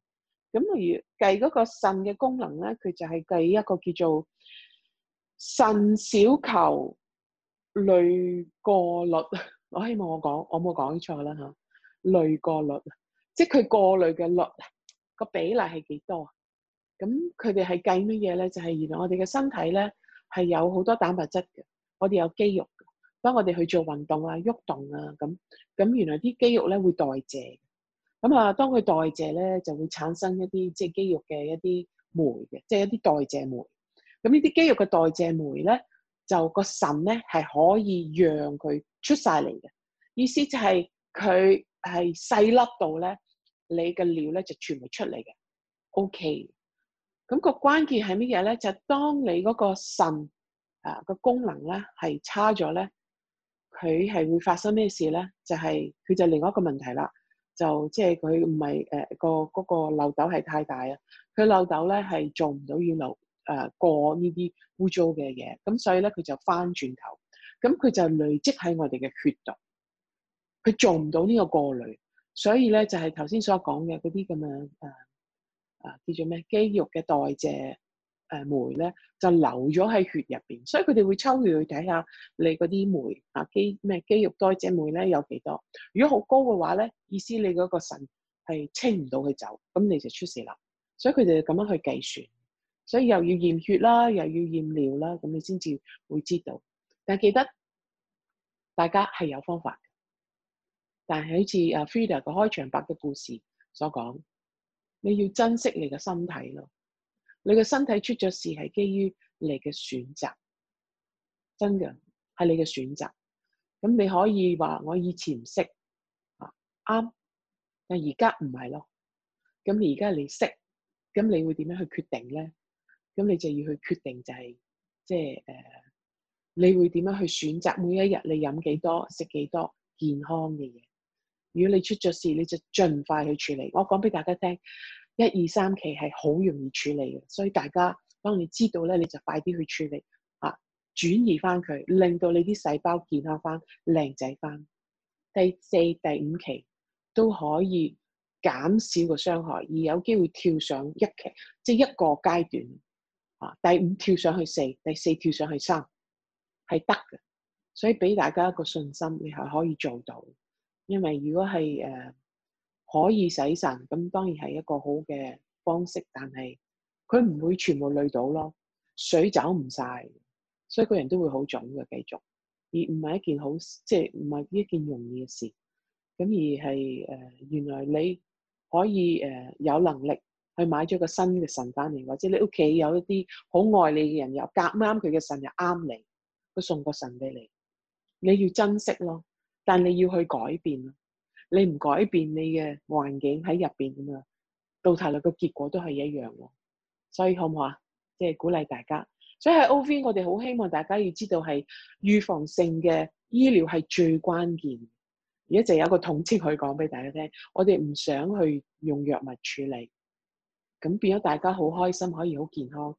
咁例如計嗰個腎嘅功能咧，佢就係計一個叫做腎小球濾過率。 我希望我講我冇講錯啦吓，濾過率，即係佢過濾嘅率。個比例係幾多？咁佢哋係計乜嘢咧？就係原來我哋嘅身體咧係有好多蛋白質嘅，我哋有肌肉嘅，當我哋去做運動啊、喐動啊咁，咁原來啲肌肉咧會代謝，咁啊當佢代謝咧就會產生一啲即係肌肉嘅一啲酶嘅，即係一啲代謝酶。咁呢啲肌肉嘅代謝酶咧就個腎咧係可以讓佢出晒嚟嘅，意思就係佢係細粒度咧。你嘅尿咧就全部出嚟嘅，OK。咁個關鍵係乜嘢咧？就當你嗰個腎啊個功能咧係差咗咧，佢係會發生咩事咧？就係佢就另外一個問題啦。就即係佢唔係誒個嗰個漏斗係太大啊，佢漏斗咧係做唔到要漏誒過呢啲污糟嘅嘢，咁所以咧佢就翻轉頭，咁佢就累積喺我哋嘅血度，佢做唔到呢個過濾。所以咧就係頭先所講嘅嗰啲咁樣誒啊叫做咩肌肉嘅代謝誒酶咧就流咗喺血入邊，所以佢哋會抽血去睇下你嗰啲酶啊肌咩肌肉代謝酶咧有幾多？如果好高嘅話咧，意思你嗰個腎係清唔到佢走，咁你就出事啦。所以佢哋就咁樣去計算，所以又要驗血啦，又要驗尿啦，咁你先至會知道。但係記得大家係有方法。但係好似阿 Frida 個開場白嘅故事所講，你要珍惜你嘅身體咯。你嘅身體出咗事係基於你嘅選擇，真嘅係你嘅選擇。咁你可以話我以前唔識，啊啱。但而家唔係咯，咁你而家你識，咁你會點樣去決定咧？咁你就要去決定就係、是，即係誒、呃，你會點樣去選擇每一日你飲幾多、食幾多健康嘅嘢？如果你出咗事，你就盡快去處理。我講俾大家聽，一二三期係好容易處理嘅，所以大家當你知道咧，你就快啲去處理啊，轉移翻佢，令到你啲細胞健康翻、靚仔翻。第四、第五期都可以減少個傷害，而有機會跳上一期，即係一個階段啊。第五跳上去四，第四跳上去三係得嘅，所以俾大家一個信心，你係可以做到。因為如果係誒、uh, 可以洗腎，咁當然係一個好嘅方式。但係佢唔會全部濾到咯，水走唔晒，所以個人都會好腫嘅。繼續而唔係一件好，即係唔係一件容易嘅事。咁而係誒、uh, 原來你可以誒、uh, 有能力去買咗個新嘅腎翻嚟，或者你屋企有一啲好愛你嘅人，又夾啱佢嘅腎，又啱你，佢送個腎俾你，你要珍惜咯。但你要去改變咯，你唔改變你嘅環境喺入邊咁啊，到頭來個結果都係一樣喎。所以好唔好啊？即係鼓勵大家。所以喺 OV，我哋好希望大家要知道係預防性嘅醫療係最關鍵。而家就有一個統稱可以講俾大家聽，我哋唔想去用藥物處理，咁變咗大家好開心，可以好健康。